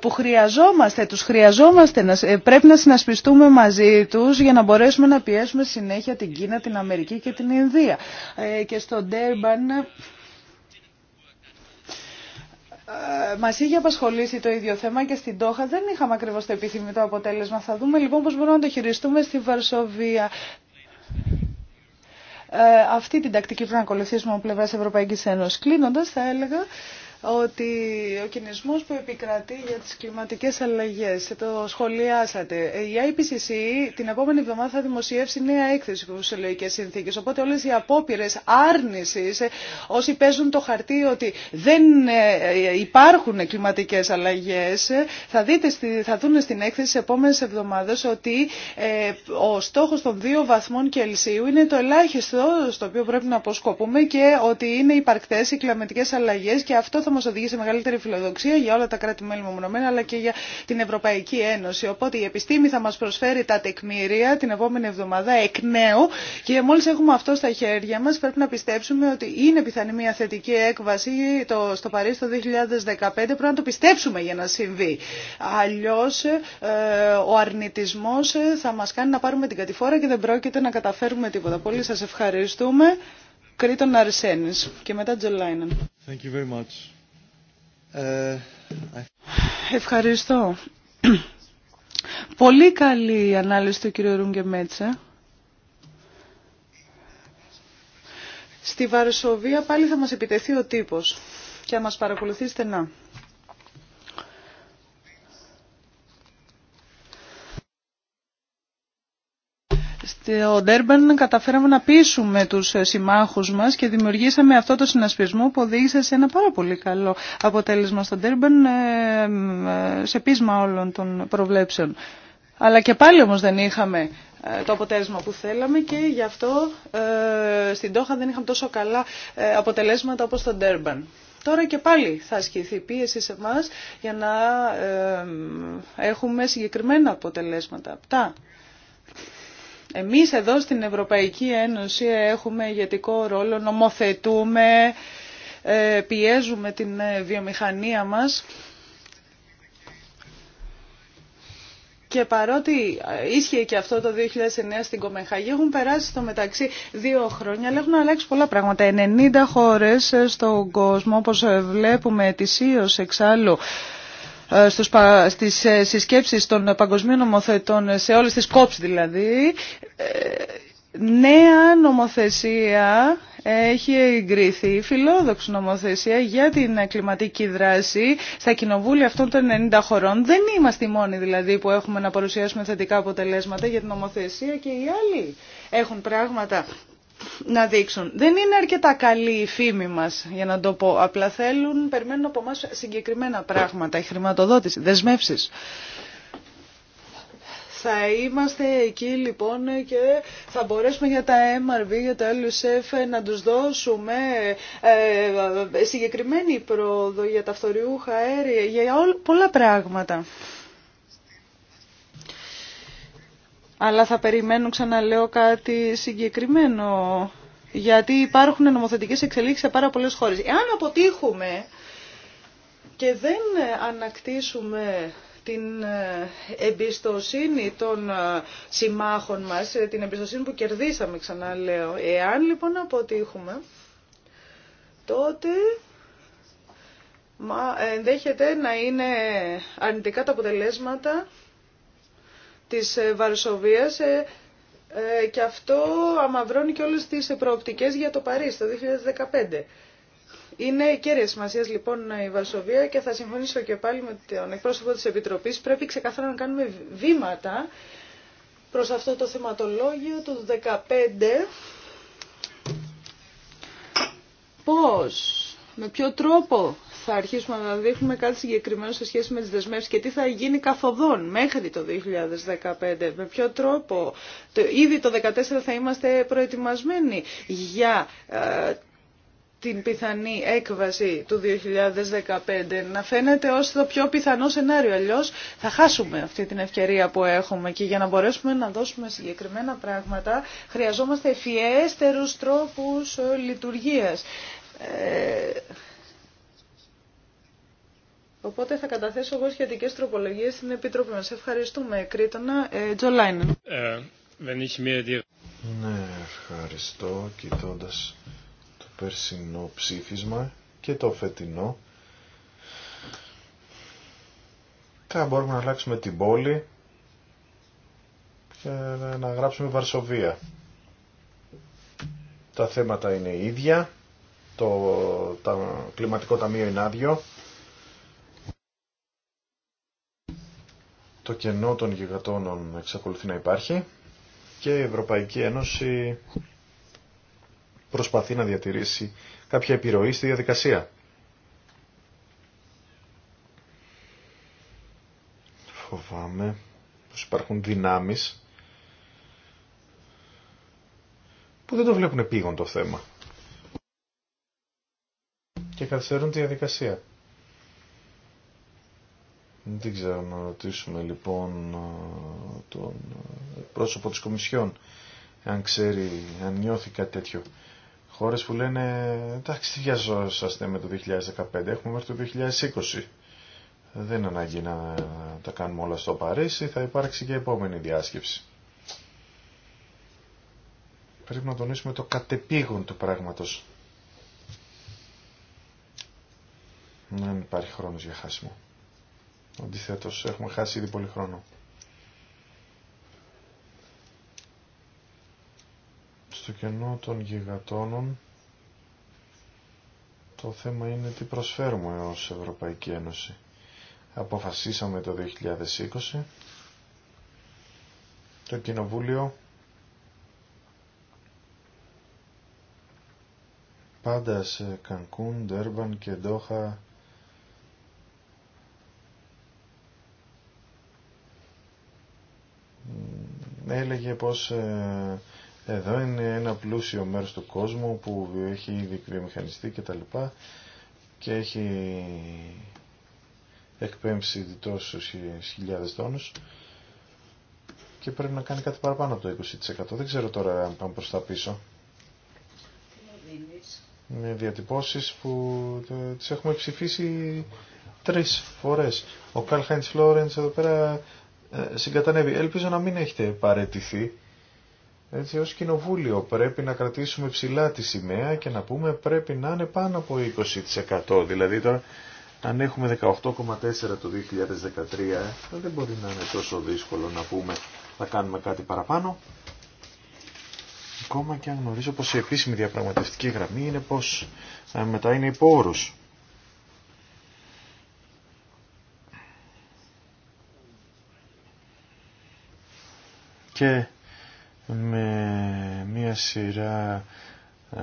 που χρειαζόμαστε, τους χρειαζόμαστε, να πρέπει να συνασπιστούμε μαζί τους για να μπορέσουμε να πιέσουμε συνέχεια την Κίνα, την Αμερική και την Ινδία. Ε, και στο Ντέρμπαν ε, μας είχε απασχολήσει το ίδιο θέμα και στην Τόχα δεν είχαμε ακριβώ το επιθυμητό αποτέλεσμα. Θα δούμε λοιπόν πώ μπορούμε να το χειριστούμε στη Βαρσοβία. Ε, αυτή την τακτική πρέπει να ακολουθήσουμε από πλευρά Ευρωπαϊκή Ένωση. Κλείνοντα, θα έλεγα ότι ο κινησμός που επικρατεί για τις κλιματικές αλλαγές, το σχολιάσατε, η IPCC την επόμενη εβδομάδα θα δημοσιεύσει νέα έκθεση που συνθήκε. συνθήκες, οπότε όλες οι απόπειρες άρνησης, ε, όσοι παίζουν το χαρτί ότι δεν ε, υπάρχουν κλιματικές αλλαγές, ε, θα, δείτε, θα δουν στην έκθεση τις επόμενες εβδομάδες ότι ο στόχος των δύο βαθμών Κελσίου είναι το ελάχιστο στο οποίο πρέπει να αποσκοπούμε και ότι είναι υπαρκτές οι κλιματικές αλλαγές και αυτό θα θα μας οδηγεί σε μεγαλύτερη φιλοδοξία για όλα τα κράτη-μέλη μεμονωμένα αλλά και για την Ευρωπαϊκή Ένωση. Οπότε η επιστήμη θα μας προσφέρει τα τεκμήρια την επόμενη εβδομάδα εκ νέου και μόλις έχουμε αυτό στα χέρια μας πρέπει να πιστέψουμε ότι είναι πιθανή μια θετική έκβαση το, στο Παρίσι το 2015. Πρέπει να το πιστέψουμε για να συμβεί. Αλλιώς ε, ο αρνητισμός ε, θα μας κάνει να πάρουμε την κατηφόρα και δεν πρόκειται να καταφέρουμε τίποτα. Πολύ σας ευχαριστούμε. Κρήτον Αρσένης και μετά Τζολάινεν. Ε, ευχαριστώ. Πολύ καλή ανάλυση του κύριου Ρούγκε Μέτσα. Στη Βαρσοβία πάλι θα μας επιτεθεί ο τύπος και θα μας παρακολουθεί στενά. στο Ντέρμπαν καταφέραμε να πείσουμε τους συμμάχους μας και δημιουργήσαμε αυτό το συνασπισμό που οδήγησε σε ένα πάρα πολύ καλό αποτέλεσμα στο Ντέρμπαν ε, ε, σε πείσμα όλων των προβλέψεων. Αλλά και πάλι όμως δεν είχαμε ε, το αποτέλεσμα που θέλαμε και γι' αυτό στην Τόχα δεν είχαμε τόσο καλά αποτελέσματα όπως στο Ντέρμπαν. Τώρα και πάλι θα ασκηθεί πίεση σε εμά για να έχουμε συγκεκριμένα αποτελέσματα. Τα... Εμείς εδώ στην Ευρωπαϊκή Ένωση έχουμε ηγετικό ρόλο, νομοθετούμε, ε, πιέζουμε την ε, βιομηχανία μας. Και παρότι ε, ίσχυε και αυτό το 2009 στην Κομεχάγη, έχουν περάσει στο μεταξύ δύο χρόνια, αλλά έχουν αλλάξει πολλά πράγματα. 90 χώρες στον κόσμο, όπως βλέπουμε ετησίως εξάλλου, ε, στους, στις ε, συσκέψεις των παγκοσμίων νομοθετών, ε, σε όλες τις κόψεις δηλαδή, νέα νομοθεσία έχει εγκριθεί, φιλόδοξη νομοθεσία για την κλιματική δράση στα κοινοβούλια αυτών των 90 χωρών. Δεν είμαστε οι μόνοι δηλαδή που έχουμε να παρουσιάσουμε θετικά αποτελέσματα για την νομοθεσία και οι άλλοι έχουν πράγματα να δείξουν. Δεν είναι αρκετά καλή η φήμη μας, για να το πω. Απλά θέλουν, περιμένουν από εμά συγκεκριμένα πράγματα, η χρηματοδότηση, Δεσμεύσει. Θα είμαστε εκεί λοιπόν και θα μπορέσουμε για τα MRV, για τα LSF να τους δώσουμε ε, συγκεκριμένη πρόοδο για τα φθοριούχα αέρια, για όλα, πολλά πράγματα. αλλά θα περιμένουν ξαναλέω κάτι συγκεκριμένο. Γιατί υπάρχουν νομοθετικές εξελίξεις σε πάρα πολλέ χώρες. Εάν αποτύχουμε και δεν ανακτήσουμε την ε, εμπιστοσύνη των ε, συμμάχων μας, ε, την εμπιστοσύνη που κερδίσαμε ξαναλέω, εάν λοιπόν αποτύχουμε, τότε ενδέχεται να είναι αρνητικά τα αποτελέσματα της ε, Βαρσοβίας ε, ε, και αυτό αμαυρώνει και όλες τις προοπτικές για το Παρίσι το 2015. Είναι κέρια σημασία λοιπόν η Βαρσοβία και θα συμφωνήσω και πάλι με τον εκπρόσωπο της Επιτροπής. Πρέπει ξεκάθαρα να κάνουμε βήματα προς αυτό το θεματολόγιο του 2015. Πώς, με ποιο τρόπο θα αρχίσουμε να δείχνουμε κάτι συγκεκριμένο σε σχέση με τις δεσμεύσεις και τι θα γίνει καθοδόν μέχρι το 2015. Με ποιο τρόπο. Ήδη το 2014 θα είμαστε προετοιμασμένοι για ε, την πιθανή έκβαση του 2015 να φαίνεται ως το πιο πιθανό σενάριο. Αλλιώς θα χάσουμε αυτή την ευκαιρία που έχουμε και για να μπορέσουμε να δώσουμε συγκεκριμένα πράγματα χρειαζόμαστε ευφιέστερους τρόπους ε, λειτουργίας. Ε, Οπότε θα καταθέσω εγώ σχετικέ τροπολογίε στην Επιτροπή μα. Ευχαριστούμε, Κρήτονα. Ε, Τζολάινεν. Ε, ναι, ευχαριστώ. Κοιτώντα το περσινό ψήφισμα και το φετινό, θα μπορούμε να αλλάξουμε την πόλη και να γράψουμε Βαρσοβία. Τα θέματα είναι ίδια. Το, το κλιματικό ταμείο είναι άδειο. το κενό των εξακολουθεί να υπάρχει και η Ευρωπαϊκή Ένωση προσπαθεί να διατηρήσει κάποια επιρροή στη διαδικασία. Φοβάμαι πως υπάρχουν δυνάμεις που δεν το βλέπουν επίγον το θέμα και καθυστερούν τη διαδικασία. Δεν ξέρω να ρωτήσουμε λοιπόν τον πρόσωπο της Κομισιόν αν ξέρει, αν νιώθει κάτι τέτοιο. Χώρες που λένε εντάξει τι βιαζόσαστε με το 2015, έχουμε μέχρι το 2020. Δεν ανάγκη να τα κάνουμε όλα στο Παρίσι, θα υπάρξει και επόμενη διάσκεψη. Πρέπει να τονίσουμε το κατεπήγον του πράγματος. Δεν υπάρχει χρόνος για χάσιμο. Αντιθέτως, έχουμε χάσει ήδη πολύ χρόνο. Στο κενό των γιγατόνων το θέμα είναι τι προσφέρουμε ως Ευρωπαϊκή Ένωση. Αποφασίσαμε το 2020 το Κοινοβούλιο πάντα σε Κανκούν, Ντέρμπαν και Ντόχα έλεγε πως ε, εδώ είναι ένα πλούσιο μέρος του κόσμου που έχει ήδη βιομηχανιστεί και τα λοιπά και έχει εκπέμψει τόσους χιλιάδες τόνους και πρέπει να κάνει κάτι παραπάνω από το 20%. Δεν ξέρω τώρα αν πάμε προς τα πίσω. Με διατυπώσεις που τις έχουμε ψηφίσει τρεις φορές. Ο Καλ Φλόρεντς εδώ πέρα ε, συγκατανεύει. Ελπίζω να μην έχετε παρετηθεί. Έτσι ως κοινοβούλιο πρέπει να κρατήσουμε ψηλά τη σημαία και να πούμε πρέπει να είναι πάνω από 20%. Δηλαδή τώρα αν έχουμε 18,4 το 2013 ε, δεν μπορεί να είναι τόσο δύσκολο να πούμε θα κάνουμε κάτι παραπάνω. Ακόμα και αν γνωρίζω πως η επίσημη διαπραγματευτική γραμμή είναι πως ε, μετά είναι υπό και με μία σειρά ε,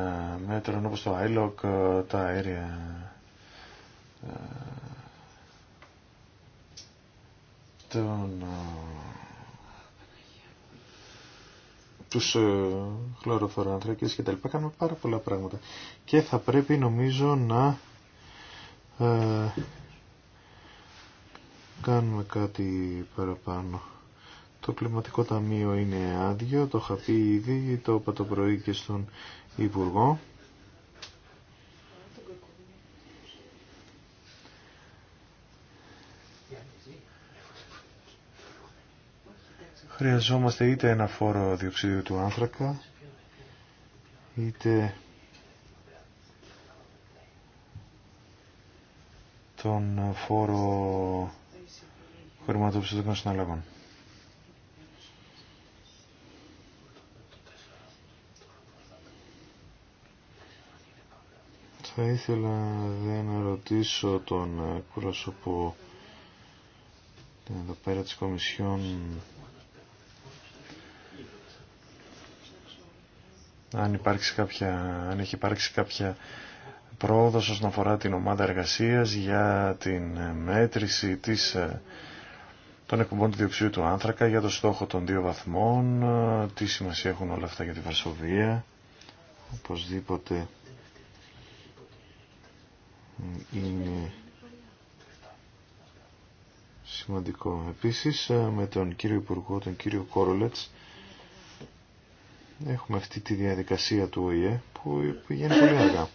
μέτρων όπως το ILOC, ε, τα αέρια ε, τον, τους χλωροφοροανθρακίες και τα λοιπά. Κάνουμε πάρα πολλά πράγματα. Και θα πρέπει νομίζω να κάνουμε κάτι παραπάνω. Το κλιματικό ταμείο είναι άδειο, το είχα πει ήδη, το είπα το πρωί και στον Υπουργό. Χρειαζόμαστε είτε ένα φόρο διοξιδίου του άνθρακα, είτε τον φόρο χρηματοπιστωτικών συναλλαγών. Θα ήθελα δε να ρωτήσω τον πρόσωπο εδώ πέρα της Κομισιόν αν, υπάρξει κάποια, αν έχει υπάρξει κάποια πρόοδος όσον αφορά την ομάδα εργασίας για την μέτρηση της, των εκπομπών του διοξιού του άνθρακα για το στόχο των δύο βαθμών, τι σημασία έχουν όλα αυτά για τη Βαρσοβία. Οπωσδήποτε είναι σημαντικό. Επίσης ε, με τον κύριο Υπουργό, τον κύριο Κόρολετς, έχουμε αυτή τη διαδικασία του ΟΗΕ που πηγαίνει πολύ αργά.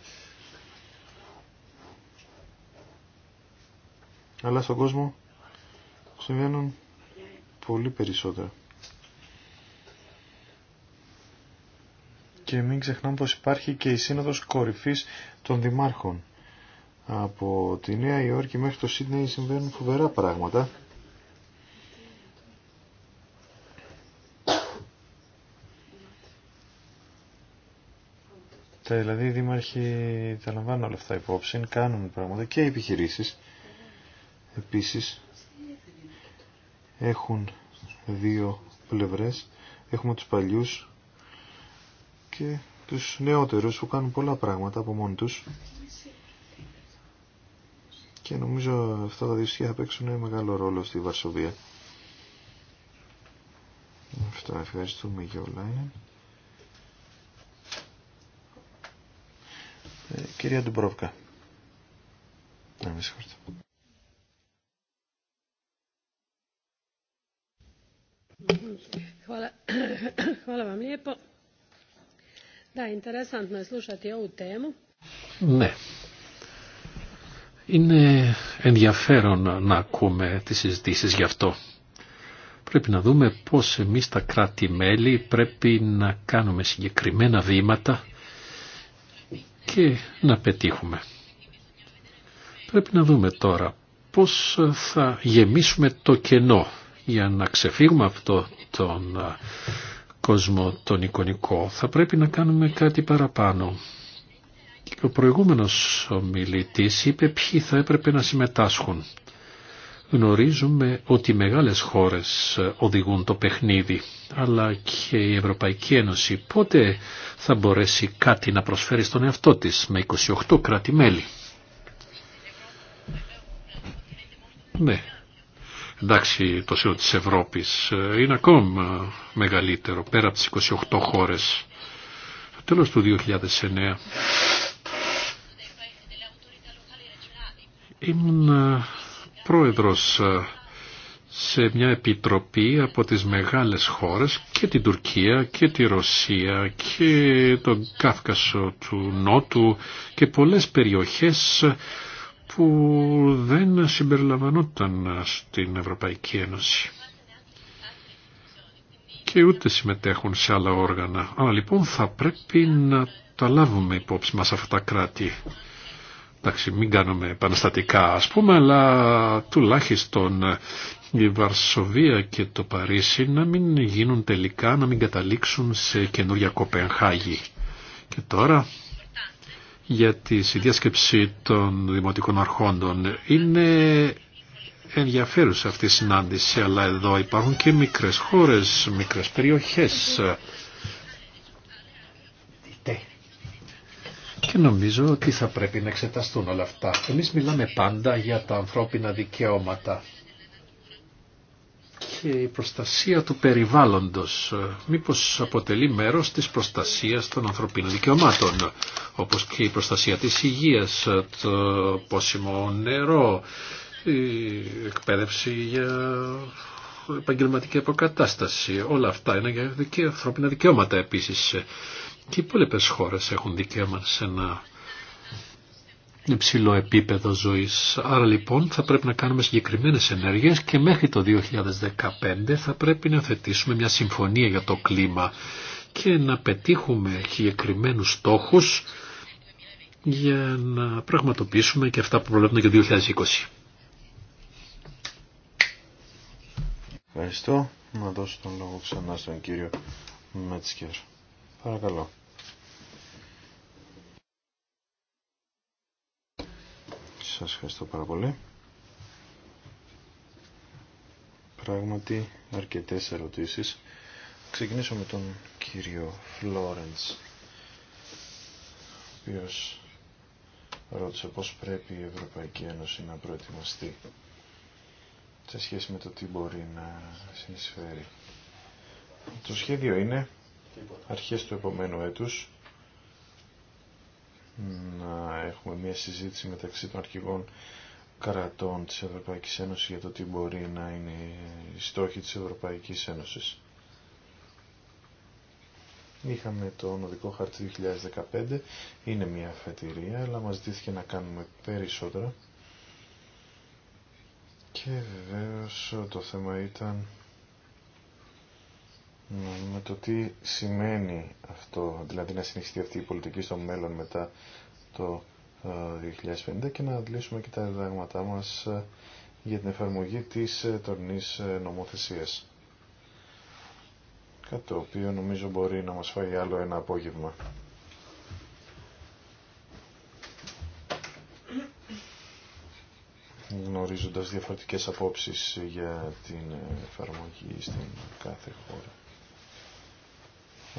Αλλά στον κόσμο συμβαίνουν πολύ περισσότερα. Και μην ξεχνάμε πως υπάρχει και η Σύνοδος Κορυφής των Δημάρχων από τη Νέα Υόρκη μέχρι το Σίδνεϊ συμβαίνουν φοβερά πράγματα. Τα δηλαδή οι δήμαρχοι τα λαμβάνουν όλα αυτά υπόψη, κάνουν πράγματα και οι επιχειρήσεις επίσης έχουν δύο πλευρές. Έχουμε τους παλιούς και τους νεότερους που κάνουν πολλά πράγματα από μόνοι τους και νομίζω αυτά τα δύο θα παίξουν μεγάλο ρόλο στη Βαρσοβία. Αυτά ευχαριστούμε για όλα. Ε, κυρία Ντουμπρόβκα. Να με συγχωρείτε. Hvala, <coughs> Είναι ενδιαφέρον να ακούμε τις συζητήσεις γι' αυτό. Πρέπει να δούμε πώς εμείς τα κράτη-μέλη πρέπει να κάνουμε συγκεκριμένα βήματα και να πετύχουμε. Πρέπει να δούμε τώρα πώς θα γεμίσουμε το κενό για να ξεφύγουμε αυτό τον ε, κόσμο τον εικονικό. Θα πρέπει να κάνουμε κάτι παραπάνω ο προηγούμενος ομιλητής είπε ποιοι θα έπρεπε να συμμετάσχουν. Γνωρίζουμε ότι οι μεγάλες χώρες οδηγούν το παιχνίδι, αλλά και η Ευρωπαϊκή Ένωση πότε θα μπορέσει κάτι να προσφέρει στον εαυτό της με 28 κράτη-μέλη. Ναι, εντάξει το σύνολο της Ευρώπης ε, είναι ακόμα μεγαλύτερο πέρα από τις 28 χώρες. Το τέλος του 2009 Ήμουν ε, πρόεδρος ε, σε μια επιτροπή από τις μεγάλες χώρες και την Τουρκία και τη Ρωσία και τον Κάφκασο του Νότου και πολλές περιοχές που δεν συμπεριλαμβανόταν στην Ευρωπαϊκή Ένωση και ούτε συμμετέχουν σε άλλα όργανα. Αλλά λοιπόν θα πρέπει να τα λάβουμε υπόψη μας αυτά τα κράτη εντάξει μην κάνουμε επαναστατικά ας πούμε αλλά τουλάχιστον η Βαρσοβία και το Παρίσι να μην γίνουν τελικά, να μην καταλήξουν σε καινούρια Κοπενχάγη. Και τώρα για τη συνδιάσκεψη των δημοτικών αρχόντων. Είναι ενδιαφέρουσα αυτή η συνάντηση, αλλά εδώ υπάρχουν και μικρές χώρες, μικρές περιοχές Και νομίζω ότι θα πρέπει να εξεταστούν όλα αυτά. Εμείς μιλάμε πάντα για τα ανθρώπινα δικαιώματα και η προστασία του περιβάλλοντος. Ε, μήπως αποτελεί μέρος της προστασίας των ανθρωπίνων δικαιωμάτων, όπως και η προστασία της υγείας, ε, το πόσιμο νερό, η εκπαίδευση για επαγγελματική αποκατάσταση. Όλα αυτά είναι για ανθρώπινα δικαιώματα επίσης. Και οι υπόλοιπε χώρε έχουν δικαίωμα σε ένα υψηλό επίπεδο ζωή. Άρα λοιπόν θα πρέπει να κάνουμε συγκεκριμένε ενέργειε και μέχρι το 2015 θα πρέπει να θετήσουμε μια συμφωνία για το κλίμα και να πετύχουμε συγκεκριμένου στόχου για να πραγματοποιήσουμε και αυτά που προβλέπουμε για το 2020. Ευχαριστώ. Να δώσω τον λόγο ξανά στον κύριο Μετσκέρ. Παρακαλώ. Σας ευχαριστώ πάρα πολύ. Πράγματι, αρκετές ερωτήσεις. Ξεκινήσω με τον κύριο Φλόρεντς, ο οποίος ρώτησε πώς πρέπει η Ευρωπαϊκή Ένωση να προετοιμαστεί σε σχέση με το τι μπορεί να συνεισφέρει. Το σχέδιο είναι αρχές του επομένου έτους να έχουμε μια συζήτηση μεταξύ των αρχηγών κρατών της Ευρωπαϊκής Ένωσης για το τι μπορεί να είναι η στόχη της Ευρωπαϊκής Ένωσης. Είχαμε το οδικό χαρτί 2015, είναι μια αφετηρία, αλλά μας δίθηκε να κάνουμε περισσότερα. Και βεβαίως το θέμα ήταν με το τι σημαίνει αυτό, δηλαδή να συνεχιστεί αυτή η πολιτική στο μέλλον μετά το 2050 ε, και να αντλήσουμε και τα διδάγματά μας ε, για την εφαρμογή της ε, τωρινής νομοθεσίας. Κάτι το οποίο νομίζω μπορεί να μας φάει άλλο ένα απόγευμα. γνωρίζοντας διαφορετικές απόψεις για την εφαρμογή στην κάθε χώρα.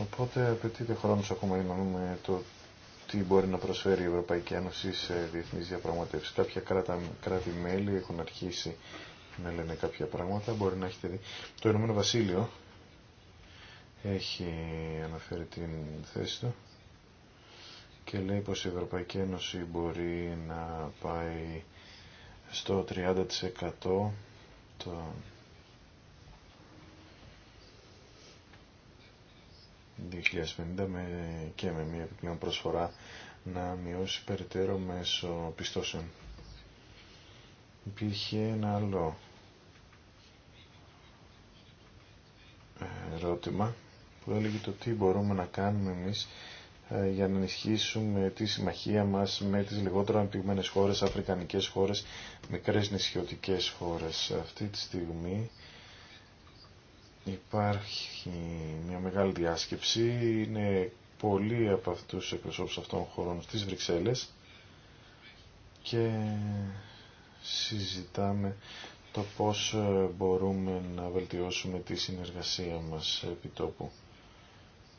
Οπότε απαιτείται χρόνος ακόμα για να δούμε το τι μπορεί να προσφέρει η Ευρωπαϊκή Ένωση σε διεθνείς διαπραγματεύσεις. Κάποια κράτη-μέλη έχουν αρχίσει να λένε κάποια πράγματα, μπορεί να έχετε δει. Το Ηνωμένο Βασίλειο έχει αναφέρει την θέση του και λέει πως η Ευρωπαϊκή Ένωση μπορεί να πάει στο 30% των 2050 με, και με μια επιπλέον προσφορά να μειώσει περαιτέρω μέσω πιστώσεων. Υπήρχε ένα άλλο ερώτημα που έλεγε το τι μπορούμε να κάνουμε εμείς ε, για να ενισχύσουμε τη συμμαχία μας με τις λιγότερο αναπτυγμένες χώρες, αφρικανικές χώρες, μικρές νησιωτικές χώρες. Αυτή τη στιγμή Υπάρχει μια μεγάλη διάσκεψη, είναι πολλοί από αυτούς τους εκπροσώπους αυτών των χωρών στις Βρυξέλλες και συζητάμε το πώς ε, μπορούμε να βελτιώσουμε τη συνεργασία μας επί τόπου.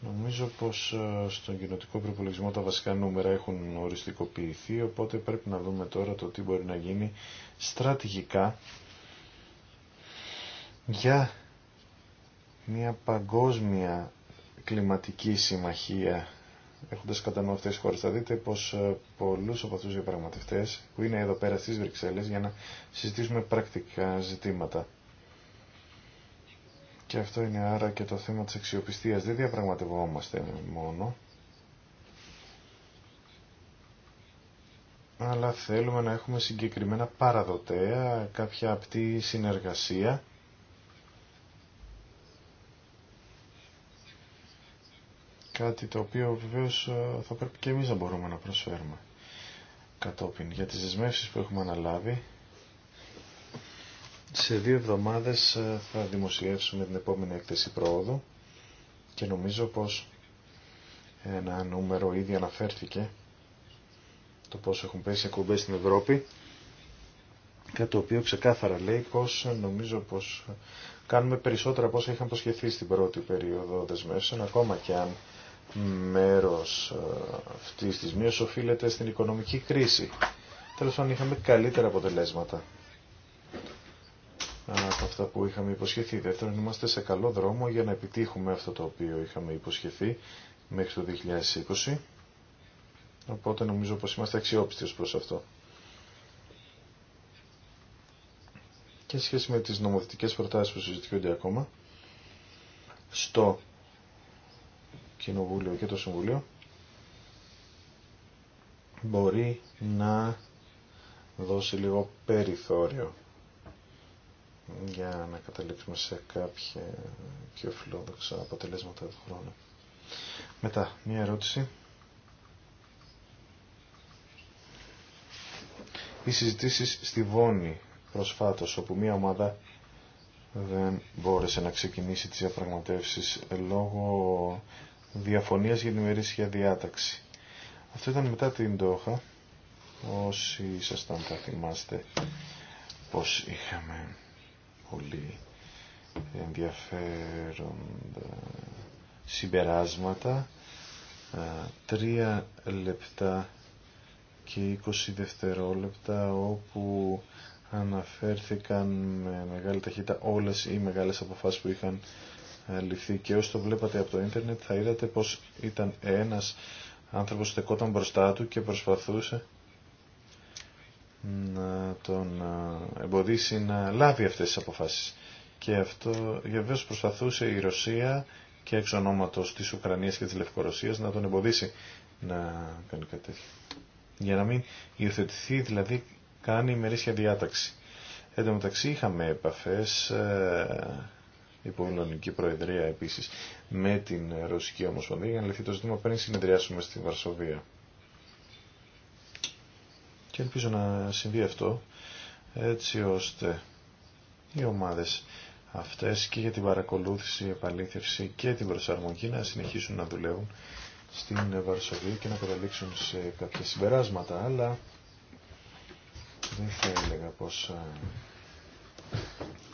Νομίζω πως ε, στον κοινοτικό προπολογισμό τα βασικά νούμερα έχουν οριστικοποιηθεί, οπότε πρέπει να δούμε τώρα το τι μπορεί να γίνει στρατηγικά για μια παγκόσμια κλιματική συμμαχία έχοντας κατά νου αυτές χώρες. Θα δείτε πως ε, πολλούς από αυτούς τους που είναι εδώ πέρα στις Βρυξέλλες για να συζητήσουμε πρακτικά ζητήματα. Και αυτό είναι άρα και το θέμα της αξιοπιστίας. Δεν διαπραγματευόμαστε μόνο. Αλλά θέλουμε να έχουμε συγκεκριμένα παραδοτέα, κάποια απτή συνεργασία Κάτι το οποίο βεβαίως ε, θα πρέπει και εμείς να μπορούμε να προσφέρουμε κατόπιν για τις δεσμεύσεις που έχουμε αναλάβει. Σε δύο εβδομάδες ε, θα δημοσιεύσουμε την επόμενη έκθεση πρόοδου και νομίζω πως ένα νούμερο ήδη αναφέρθηκε το πως έχουν πέσει ακουμπές στην Ευρώπη κάτι το οποίο ξεκάθαρα λέει πως ε, νομίζω πως κάνουμε περισσότερα από όσα είχαν προσχεθεί στην πρώτη περίοδο δεσμεύσεων ακόμα και αν μέρος ε, αυτής της μείωσης οφείλεται στην οικονομική κρίση. Τέλος πάντων είχαμε καλύτερα αποτελέσματα από αυτά που είχαμε υποσχεθεί. Δεύτερον, είμαστε σε καλό δρόμο για να επιτύχουμε αυτό το οποίο είχαμε υποσχεθεί μέχρι το 2020. Οπότε νομίζω πως είμαστε αξιόπιστοι ως προς αυτό. Και σχέση με τις νομοθετικές προτάσεις που συζητιούνται ακόμα, στο Κοινοβούλιο και το Συμβουλίο μπορεί να δώσει λίγο περιθώριο για να καταλήξουμε σε κάποια πιο φιλόδοξα αποτελέσματα του χρόνου. Μετά, μία ερώτηση. Οι συζητήσεις στη Βόνη προσφάτως, όπου μία ομάδα δεν μπόρεσε να ξεκινήσει τις διαπραγματεύσεις λόγω διαφωνίας για την ημερήσια διάταξη. Αυτό ήταν μετά την Τόχα. Όσοι ήσασταν θα θυμάστε πως είχαμε πολύ ενδιαφέροντα συμπεράσματα. Τρία λεπτά και 20 δευτερόλεπτα όπου αναφέρθηκαν με μεγάλη ταχύτητα όλες οι μεγάλες αποφάσεις που είχαν ε, και όσο το βλέπατε από το ίντερνετ θα είδατε πως ήταν ένας άνθρωπος στεκόταν μπροστά του και προσπαθούσε να τον ε, εμποδίσει να λάβει αυτές τις αποφάσεις. Και αυτό βεβαίω προσπαθούσε η Ρωσία και εξ ονόματος της Ουκρανίας και της Λευκορωσίας να τον εμποδίσει να κάνει κάτι τέτοιο. Για να μην υιοθετηθεί δηλαδή κάνει ημερήσια διάταξη. Εν τω μεταξύ είχαμε επαφές ε, η Προεδρία επίσης με την Ρωσική Ομοσπονδία για να λυθεί το ζήτημα πριν συνεδριάσουμε στη Βαρσοβία. Και ελπίζω να συμβεί αυτό έτσι ώστε οι ομάδες αυτές και για την παρακολούθηση, επαλήθευση και την προσαρμογή να συνεχίσουν να δουλεύουν στην Βαρσοβία και να καταλήξουν σε κάποια συμπεράσματα, αλλά δεν θα έλεγα πως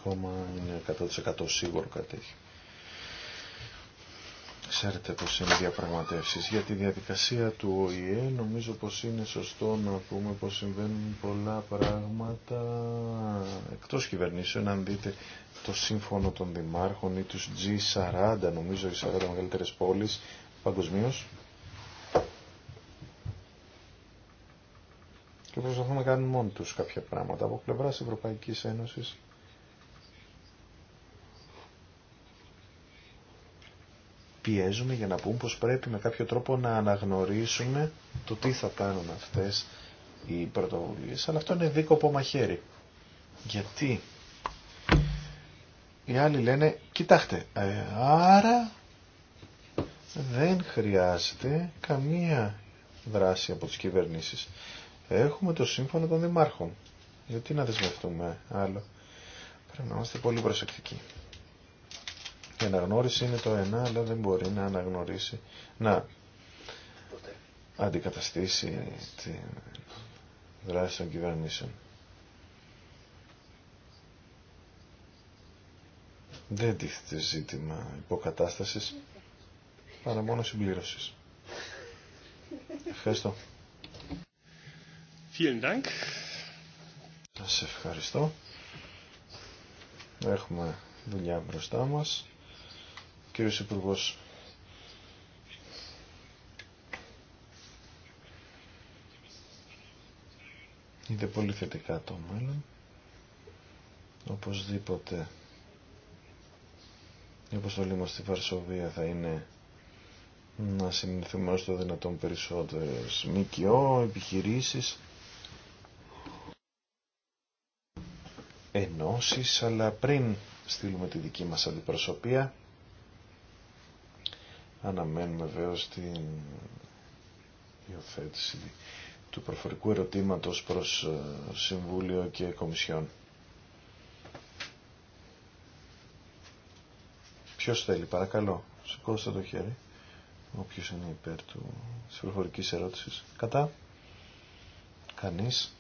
ακόμα είναι 100% σίγουρο κάτι Ξέρετε πως είναι διαπραγματεύσεις. Για τη διαδικασία του ΟΗΕ νομίζω πως είναι σωστό να πούμε πως συμβαίνουν πολλά πράγματα εκτός κυβερνήσεων. Αν δείτε το σύμφωνο των δημάρχων ή τους G40, νομίζω οι 40 μεγαλύτερες πόλεις παγκοσμίω. Και προσπαθούμε να κάνουμε μόνοι τους κάποια πράγματα από πλευράς Ευρωπαϊκής Ένωσης. πιέζουμε για να πούμε πως πρέπει με κάποιο τρόπο να αναγνωρίσουμε το τι θα κάνουν αυτές οι πρωτοβουλίες. Αλλά αυτό είναι δίκοπο μαχαίρι. Γιατί οι άλλοι λένε κοιτάξτε, ε, άρα δεν χρειάζεται καμία δράση από τις κυβερνήσεις. Έχουμε το σύμφωνο των δημάρχων. Γιατί να δεσμευτούμε άλλο. Πρέπει να είμαστε πολύ προσεκτικοί. Η αναγνώριση είναι το ένα, αλλά δεν μπορεί να αναγνωρίσει, να αντικαταστήσει τη δράση των κυβερνήσεων. Δεν τίθεται ζήτημα υποκατάστασης, παρά μόνο συμπλήρωσης. Ευχαριστώ. Vielen Σας ευχαριστώ. Έχουμε δουλειά μπροστά μας κύριος Υπουργός. Είδε πολύ θετικά το μέλλον. Οπωσδήποτε η αποστολή μας στη Βαρσοβία θα είναι να συνηθούμε όσο το δυνατόν περισσότερες ΜΚΟ, επιχειρήσεις, ενώσεις, αλλά πριν στείλουμε τη δική μας αντιπροσωπεία Αναμένουμε βέβαια στην υιοθέτηση του προφορικού ερωτήματος προς ε, Συμβούλιο και Κομισιόν. Ποιος θέλει, παρακαλώ, σηκώστε το χέρι. Όποιος είναι υπέρ του, της προφορικής ερώτησης. Κατά. Κανείς.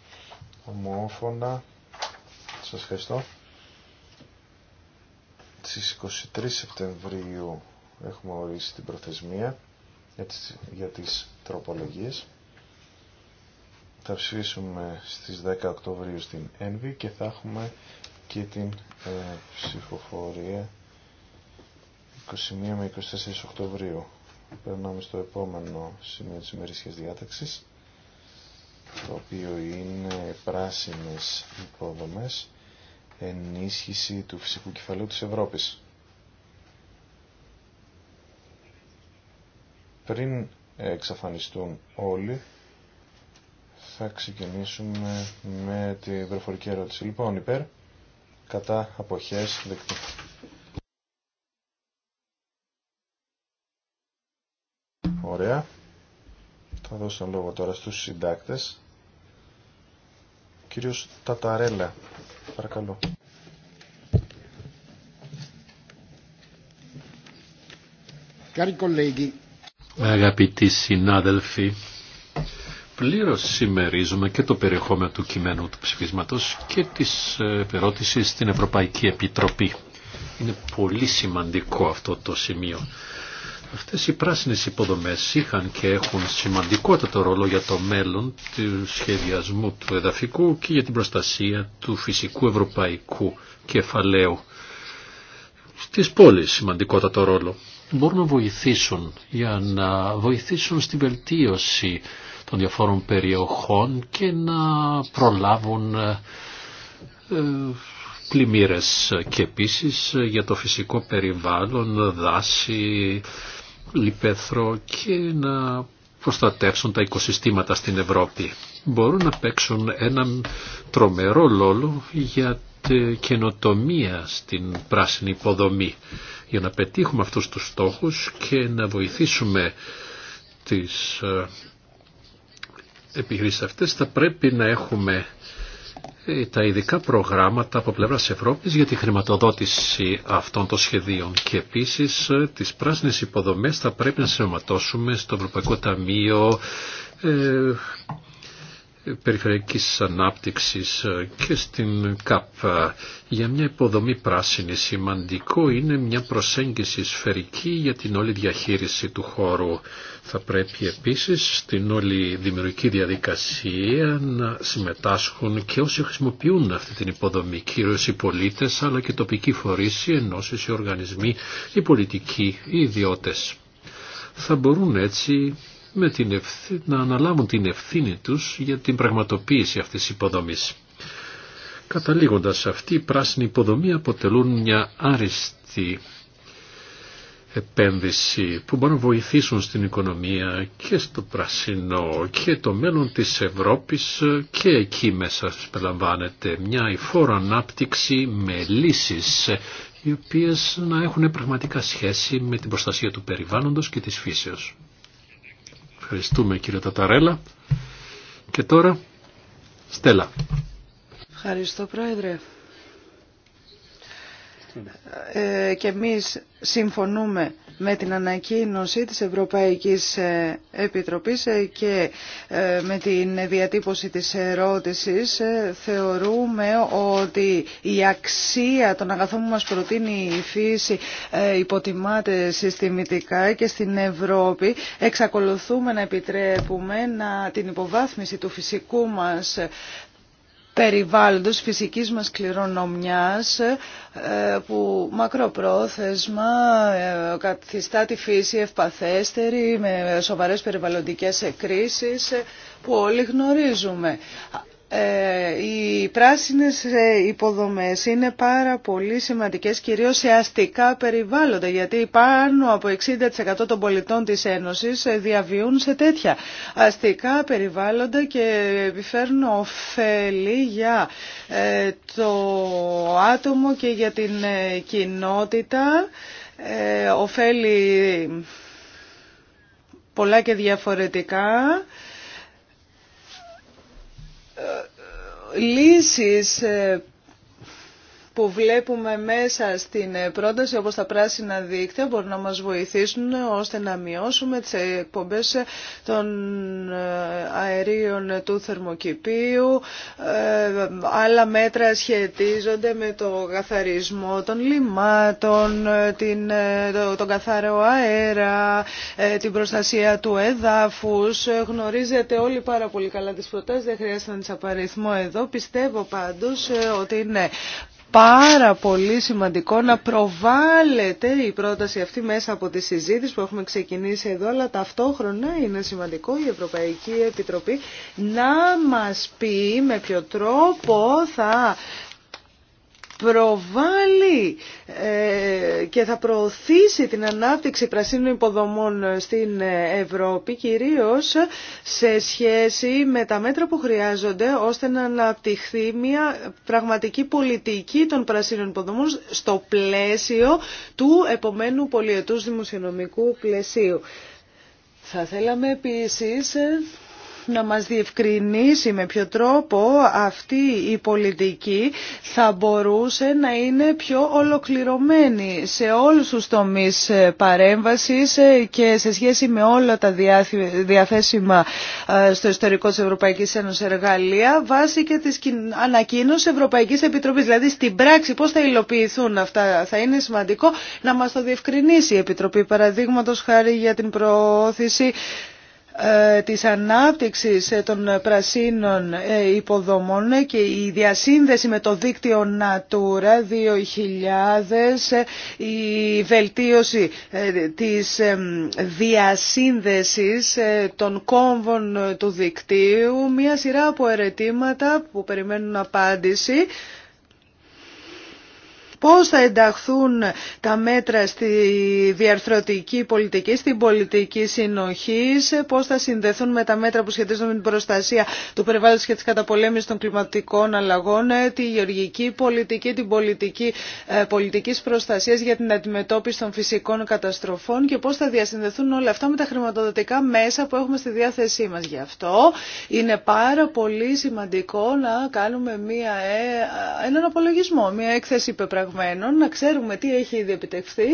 Ομόφωνα. Σας ευχαριστώ. Στις 23 Σεπτεμβρίου έχουμε ορίσει την προθεσμία για τις τροπολογίες. Θα ψηφίσουμε στις 10 Οκτωβρίου στην ΕΝΒΗ και θα έχουμε και την ε, ψηφοφορία 21 με 24 Οκτωβρίου. Περνάμε στο επόμενο σημείο της ημερήσιας διάταξης, το οποίο είναι πράσινες υπόδομες, ενίσχυση του φυσικού κεφαλαίου της Ευρώπης. πριν ε, εξαφανιστούν όλοι, θα ξεκινήσουμε με τη προφορική ερώτηση. Λοιπόν, υπέρ, κατά, αποχές, δεκτή. Ωραία. Θα δώσω τον λόγο τώρα στους συντάκτες. Κύριος Ταταρέλα, παρακαλώ. Cari colleghi, Αγαπητοί συνάδελφοι, πλήρως συμμερίζουμε και το περιεχόμενο του κειμένου του ψηφίσματος και της ε, ερώτησης στην Ευρωπαϊκή Επιτροπή. Είναι πολύ σημαντικό αυτό το σημείο. Αυτές οι πράσινες υποδομές είχαν και έχουν σημαντικότατο ρόλο για το μέλλον του σχεδιασμού του εδαφικού και για την προστασία του φυσικού ευρωπαϊκού κεφαλαίου. Στις πόλεις σημαντικότατο ρόλο μπορούν να βοηθήσουν για να βοηθήσουν στη βελτίωση των διαφόρων περιοχών και να προλάβουν ε, ε, πλημμύρες και επίσης ε, για το φυσικό περιβάλλον, δάση, λιπέθρο και να προστατεύσουν τα οικοσυστήματα στην Ευρώπη. Μπορούν να παίξουν έναν τρομερό λόλο για καινοτομία στην πράσινη υποδομή για να πετύχουμε αυτούς τους στόχους και να βοηθήσουμε τις ε, επιχειρήσεις αυτές θα πρέπει να έχουμε ε, τα ειδικά προγράμματα από πλευράς Ευρώπης για τη χρηματοδότηση αυτών των σχεδίων και επίσης ε, τις πράσινες υποδομές θα πρέπει να συνωματώσουμε στο Ευρωπαϊκό Ταμείο περιφερειακής ανάπτυξης ε, και στην ΚΑΠ ε, για μια υποδομή πράσινη. Σημαντικό είναι μια προσέγγιση σφαιρική για την όλη διαχείριση του χώρου. Θα πρέπει επίσης στην όλη δημιουργική διαδικασία να συμμετάσχουν και όσοι χρησιμοποιούν αυτή την υποδομή, κυρίως οι πολίτες αλλά και τοπικοί φορείς, οι ενώσεις, οι οργανισμοί, οι πολιτικοί, οι ιδιώτες. Θα μπορούν έτσι με την ευθύ να αναλάβουν την ευθύνη τους για την πραγματοποίηση αυτής της υποδομής. Καταλήγοντας, αυτή η πράσινη υποδομή αποτελούν μια άριστη επένδυση που μπορούν να βοηθήσουν στην οικονομία και στο πρασινό και το μέλλον της Ευρώπης και εκεί μέσα περιλαμβάνεται μια υφόρο ανάπτυξη με λύσεις οι οποίες να έχουν πραγματικά σχέση με την προστασία του περιβάλλοντος και της φύσεως. Ευχαριστούμε κύριε Ταταρέλα. Και τώρα, Στέλλα. Ευχαριστώ πρόεδρε. Ε, και εμείς συμφωνούμε με την ανακοίνωση της Ευρωπαϊκής ε, Επιτροπής ε, και με την διατύπωση της ερώτησης θεωρούμε ότι η αξία των αγαθών που μας προτείνει η φύση υποτιμάται συστημητικά και στην Ευρώπη εξακολουθούμε να επιτρέπουμε να, την υποβάθμιση του φυσικού μας περιβάλλοντος, φυσικής μας κληρονομιάς ε, που μακροπρόθεσμα ε, καθιστά τη φύση ευπαθέστερη με σοβαρές περιβαλλοντικές κρίσεις ε, που όλοι γνωρίζουμε. Ε, οι πράσινες ε, υποδομές είναι πάρα πολύ σημαντικές, κυρίως σε αστικά περιβάλλοντα, γιατί πάνω από 60% των πολιτών της Ένωσης ε, διαβιούν σε τέτοια αστικά περιβάλλοντα και επιφέρουν ωφέλη για το άτομο και για την κοινότητα, ωφέλη πολλά και διαφορετικά. λύσεις ε, που βλέπουμε μέσα στην ε, πρόταση όπως τα πράσινα δίκτυα μπορούν να μας βοηθήσουν ώστε να μειώσουμε τις εκπομπές των ε, αερίων του θερμοκηπίου. Ε, άλλα μέτρα σχετίζονται με το καθαρισμό των λιμάτων, την, τον καθαρό αέρα, την προστασία του εδάφους. Γνωρίζετε όλοι πάρα πολύ καλά τις προτάσεις, δεν χρειάζεται να τις απαριθμώ εδώ. Πιστεύω πάντως ότι είναι πάρα πολύ σημαντικό να προβάλλεται η πρόταση αυτή μέσα από τη συζήτηση που έχουμε ξεκινήσει εδώ, αλλά ταυτόχρονα είναι σημαντικό η Ευρωπαϊκή Επιτροπή να μας πει με ποιο τρόπο θα προβάλλει ε, και θα προωθήσει την ανάπτυξη πρασίνων υποδομών στην Ευρώπη, κυρίως σε σχέση με τα μέτρα που χρειάζονται ώστε να αναπτυχθεί μια πραγματική πολιτική των πρασίνων υποδομών στο πλαίσιο του επομένου πολιετούς δημοσιονομικού πλαισίου. Θα θέλαμε επίσης να μας διευκρινίσει με ποιο τρόπο αυτή η πολιτική θα μπορούσε να είναι πιο ολοκληρωμένη σε όλους τους τομείς παρέμβασης και σε σχέση με όλα τα διαθέσιμα ε, στο ιστορικό της Ευρωπαϊκής Ένωσης εργαλεία βάσει και της ανακοίνωσης Ευρωπαϊκής Επιτροπής. Δηλαδή στην πράξη πώς θα υλοποιηθούν αυτά θα είναι σημαντικό να μας το διευκρινίσει η Επιτροπή παραδείγματος χάρη για την προώθηση ε, της ανάπτυξης ε, των πρασίνων ε, υποδομών και η διασύνδεση με το δίκτυο Natura 2000, η βελτίωση της διασύνδεσης των κόμβων του δικτύου, μια σειρά από ερετήματα που περιμένουν απάντηση πώς θα ενταχθούν τα μέτρα στη διαρθρωτική πολιτική, στην πολιτική συνοχή, πώς θα συνδεθούν με τα μέτρα που σχετίζονται με την προστασία του περιβάλλοντος και της καταπολέμησης των κλιματικών αλλαγών, τη γεωργική πολιτική, την πολιτική ε, πολιτικής προστασίας για την αντιμετώπιση των φυσικών καταστροφών και πώς θα διασυνδεθούν όλα αυτά με τα χρηματοδοτικά μέσα που έχουμε στη διάθεσή μας. Γι' αυτό είναι πάρα πολύ σημαντικό να κάνουμε μία, ε, έναν απολογισμό, μία έκθεση υπεπραγματικής να ξέρουμε τι έχει ήδη επιτευχθεί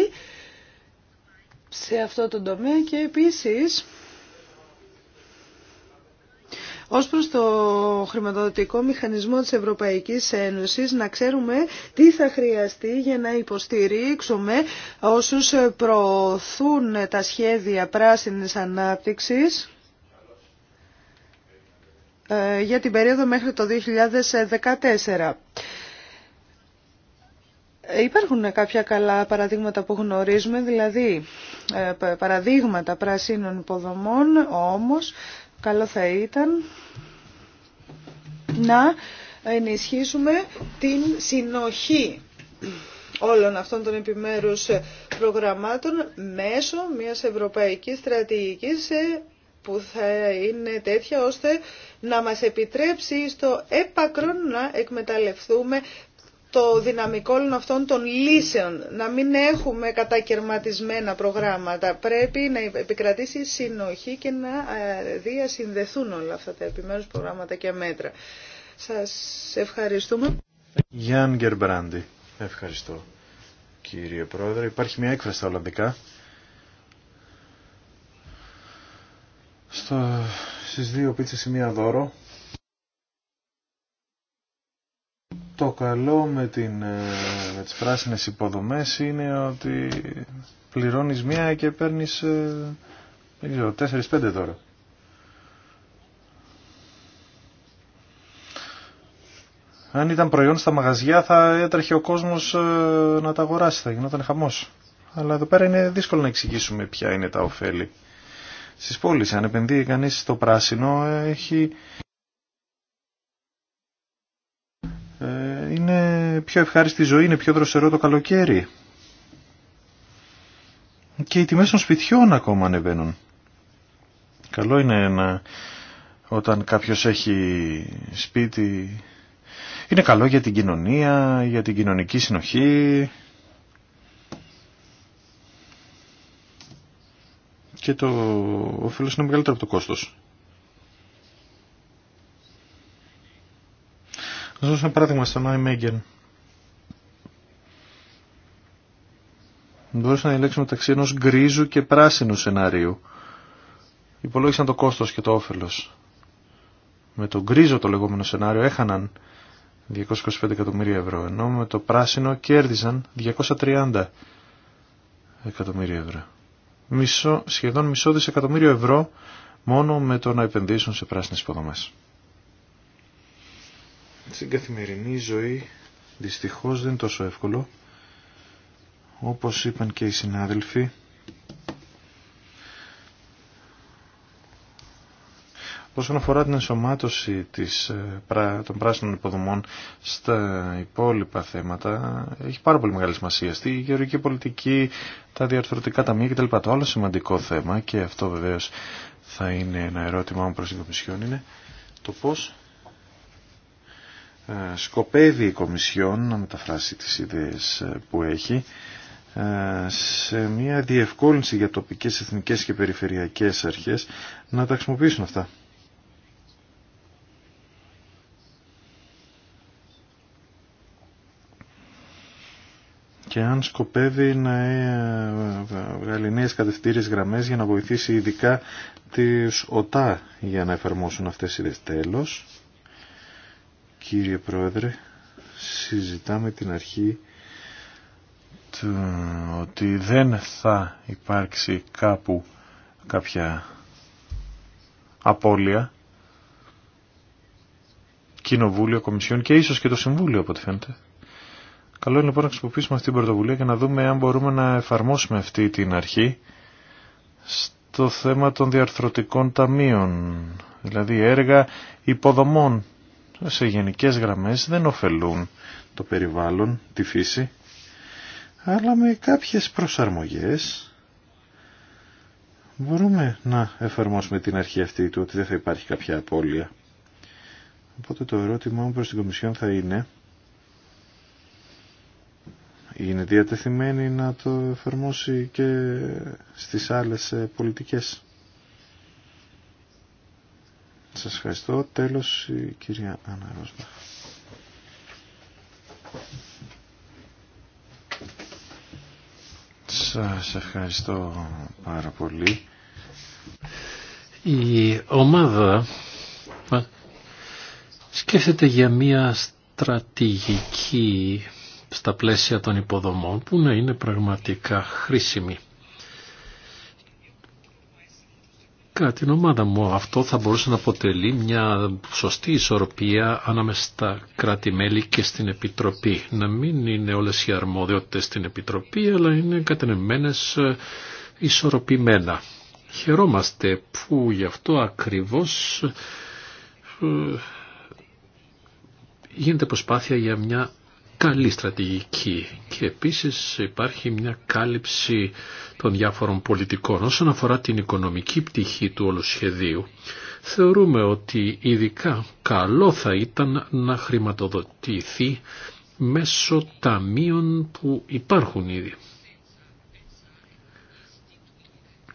σε αυτό το τομέα και επίσης ως προς το χρηματοδοτικό μηχανισμό της Ευρωπαϊκής Ένωσης να ξέρουμε τι θα χρειαστεί για να υποστηρίξουμε όσους προωθούν τα σχέδια πράσινης ανάπτυξης ε, για την περίοδο μέχρι το 2014. Ε, υπάρχουν κάποια καλά παραδείγματα που γνωρίζουμε, δηλαδή ε, παραδείγματα πρασίνων υποδομών, όμως καλό θα ήταν να ενισχύσουμε την συνοχή όλων αυτών των επιμέρους προγραμμάτων μέσω μιας ευρωπαϊκής στρατηγικής ε, που θα είναι τέτοια ώστε να μας επιτρέψει στο έπακρον να εκμεταλλευτούμε το δυναμικό όλων αυτών των λύσεων, να μην έχουμε κατακαιρματισμένα προγράμματα. Πρέπει να επικρατήσει συνοχή και να ε, διασυνδεθούν όλα αυτά τα επιμέρους προγράμματα και μέτρα. Σας ευχαριστούμε. Γιάν Γκερμπράντι, ευχαριστώ κύριε Πρόεδρε. Υπάρχει μια έκφραση στα Ολλανδικά. Στο... Στις δύο πίτσες η μία δώρο Το καλό με, την, ε, με τις πράσινες υποδομές είναι ότι πληρώνεις μία και παίρνεις ε, δεν 4 4-5 τώρα. Αν ήταν προϊόν στα μαγαζιά θα έτρεχε ο κόσμος ε, να τα αγοράσει, θα γινόταν χαμός. Αλλά εδώ πέρα είναι δύσκολο να εξηγήσουμε ποια είναι τα ωφέλη. Στις πόλεις αν επενδύει κανείς στο πράσινο έχει Ε, είναι πιο ευχάριστη ζωή, είναι πιο δροσερό το καλοκαίρι. Και οι τιμές των σπιτιών ακόμα ανεβαίνουν. Καλό είναι να όταν κάποιος έχει σπίτι είναι καλό για την κοινωνία, για την κοινωνική συνοχή και το όφελος είναι μεγαλύτερο από το κόστος. Να δώσω ένα παράδειγμα στον Άι Μέγγεν. Μπορούσαν να ελέγξουν μεταξύ ενό γκρίζου και πράσινου σενάριου. Υπολόγισαν το κόστος και το όφελος. Με το γκρίζο το λεγόμενο σενάριο έχαναν 225 εκατομμύρια ευρώ, ενώ με το πράσινο κέρδιζαν 230 εκατομμύρια ευρώ. Μισό, σχεδόν μισό δισεκατομμύριο ευρώ μόνο με το να επενδύσουν σε πράσινες υποδομές. Στην καθημερινή ζωή δυστυχώς δεν είναι τόσο εύκολο. Όπως είπαν και οι συνάδελφοι, Όσον αφορά την ενσωμάτωση της, ε, των πράσινων υποδομών στα υπόλοιπα θέματα, έχει πάρα πολύ μεγάλη σημασία στη γεωργική πολιτική, τα διαρθρωτικά ταμεία κτλ. Το άλλο σημαντικό θέμα, και αυτό βεβαίως θα είναι ένα ερώτημα μου προς την Κομισιόν, είναι το πώς ε, σκοπεύει η Κομισιόν να μεταφράσει τις ιδέες ε, που έχει ε, σε μια διευκόλυνση για τοπικές, εθνικές και περιφερειακές αρχές να τα χρησιμοποιήσουν αυτά. και αν σκοπεύει να βγάλει νέες κατευθύνες γραμμές για να βοηθήσει ειδικά τις ΟΤΑ για να εφαρμόσουν αυτές οι ιδέες. Κύριε Πρόεδρε, συζητάμε την αρχή του ότι δεν θα υπάρξει κάπου κάποια απώλεια Κοινοβούλιο, Κομισιόν και ίσως και το Συμβούλιο από ό,τι φαίνεται. Καλό είναι λοιπόν να χρησιμοποιήσουμε αυτή την πρωτοβουλία και να δούμε αν μπορούμε να εφαρμόσουμε αυτή την αρχή στο θέμα των διαρθρωτικών ταμείων, δηλαδή έργα υποδομών σε γενικές γραμμές δεν ωφελούν το περιβάλλον, τη φύση, αλλά με κάποιες προσαρμογές μπορούμε να εφαρμόσουμε την αρχή αυτή του ότι δεν θα υπάρχει κάποια απώλεια. Οπότε το ερώτημά μου προς την Κομισιόν θα είναι είναι διατεθειμένη να το εφαρμόσει και στις άλλες ε, πολιτικές. Σας ευχαριστώ. Τέλος η κυρία Άννα Σας ευχαριστώ πάρα πολύ. Η ομάδα σκέφτεται για μια στρατηγική στα πλαίσια των υποδομών που να είναι πραγματικά χρήσιμη. Κατά την ομάδα μου αυτό θα μπορούσε να αποτελεί μια σωστή ισορροπία ανάμεσα στα κράτη-μέλη και στην Επιτροπή. Να μην είναι όλες οι αρμόδιότητες στην Επιτροπή, αλλά είναι κατενεμένες ε, ισορροπημένα. Χαιρόμαστε που γι' αυτό ακριβώς ε, γίνεται προσπάθεια για μια καλή στρατηγική και επίσης υπάρχει μια κάλυψη των διάφορων πολιτικών. Όσον αφορά την οικονομική πτυχή του όλου σχεδίου, θεωρούμε ότι ειδικά καλό θα ήταν να χρηματοδοτηθεί μέσω ταμείων που υπάρχουν ήδη.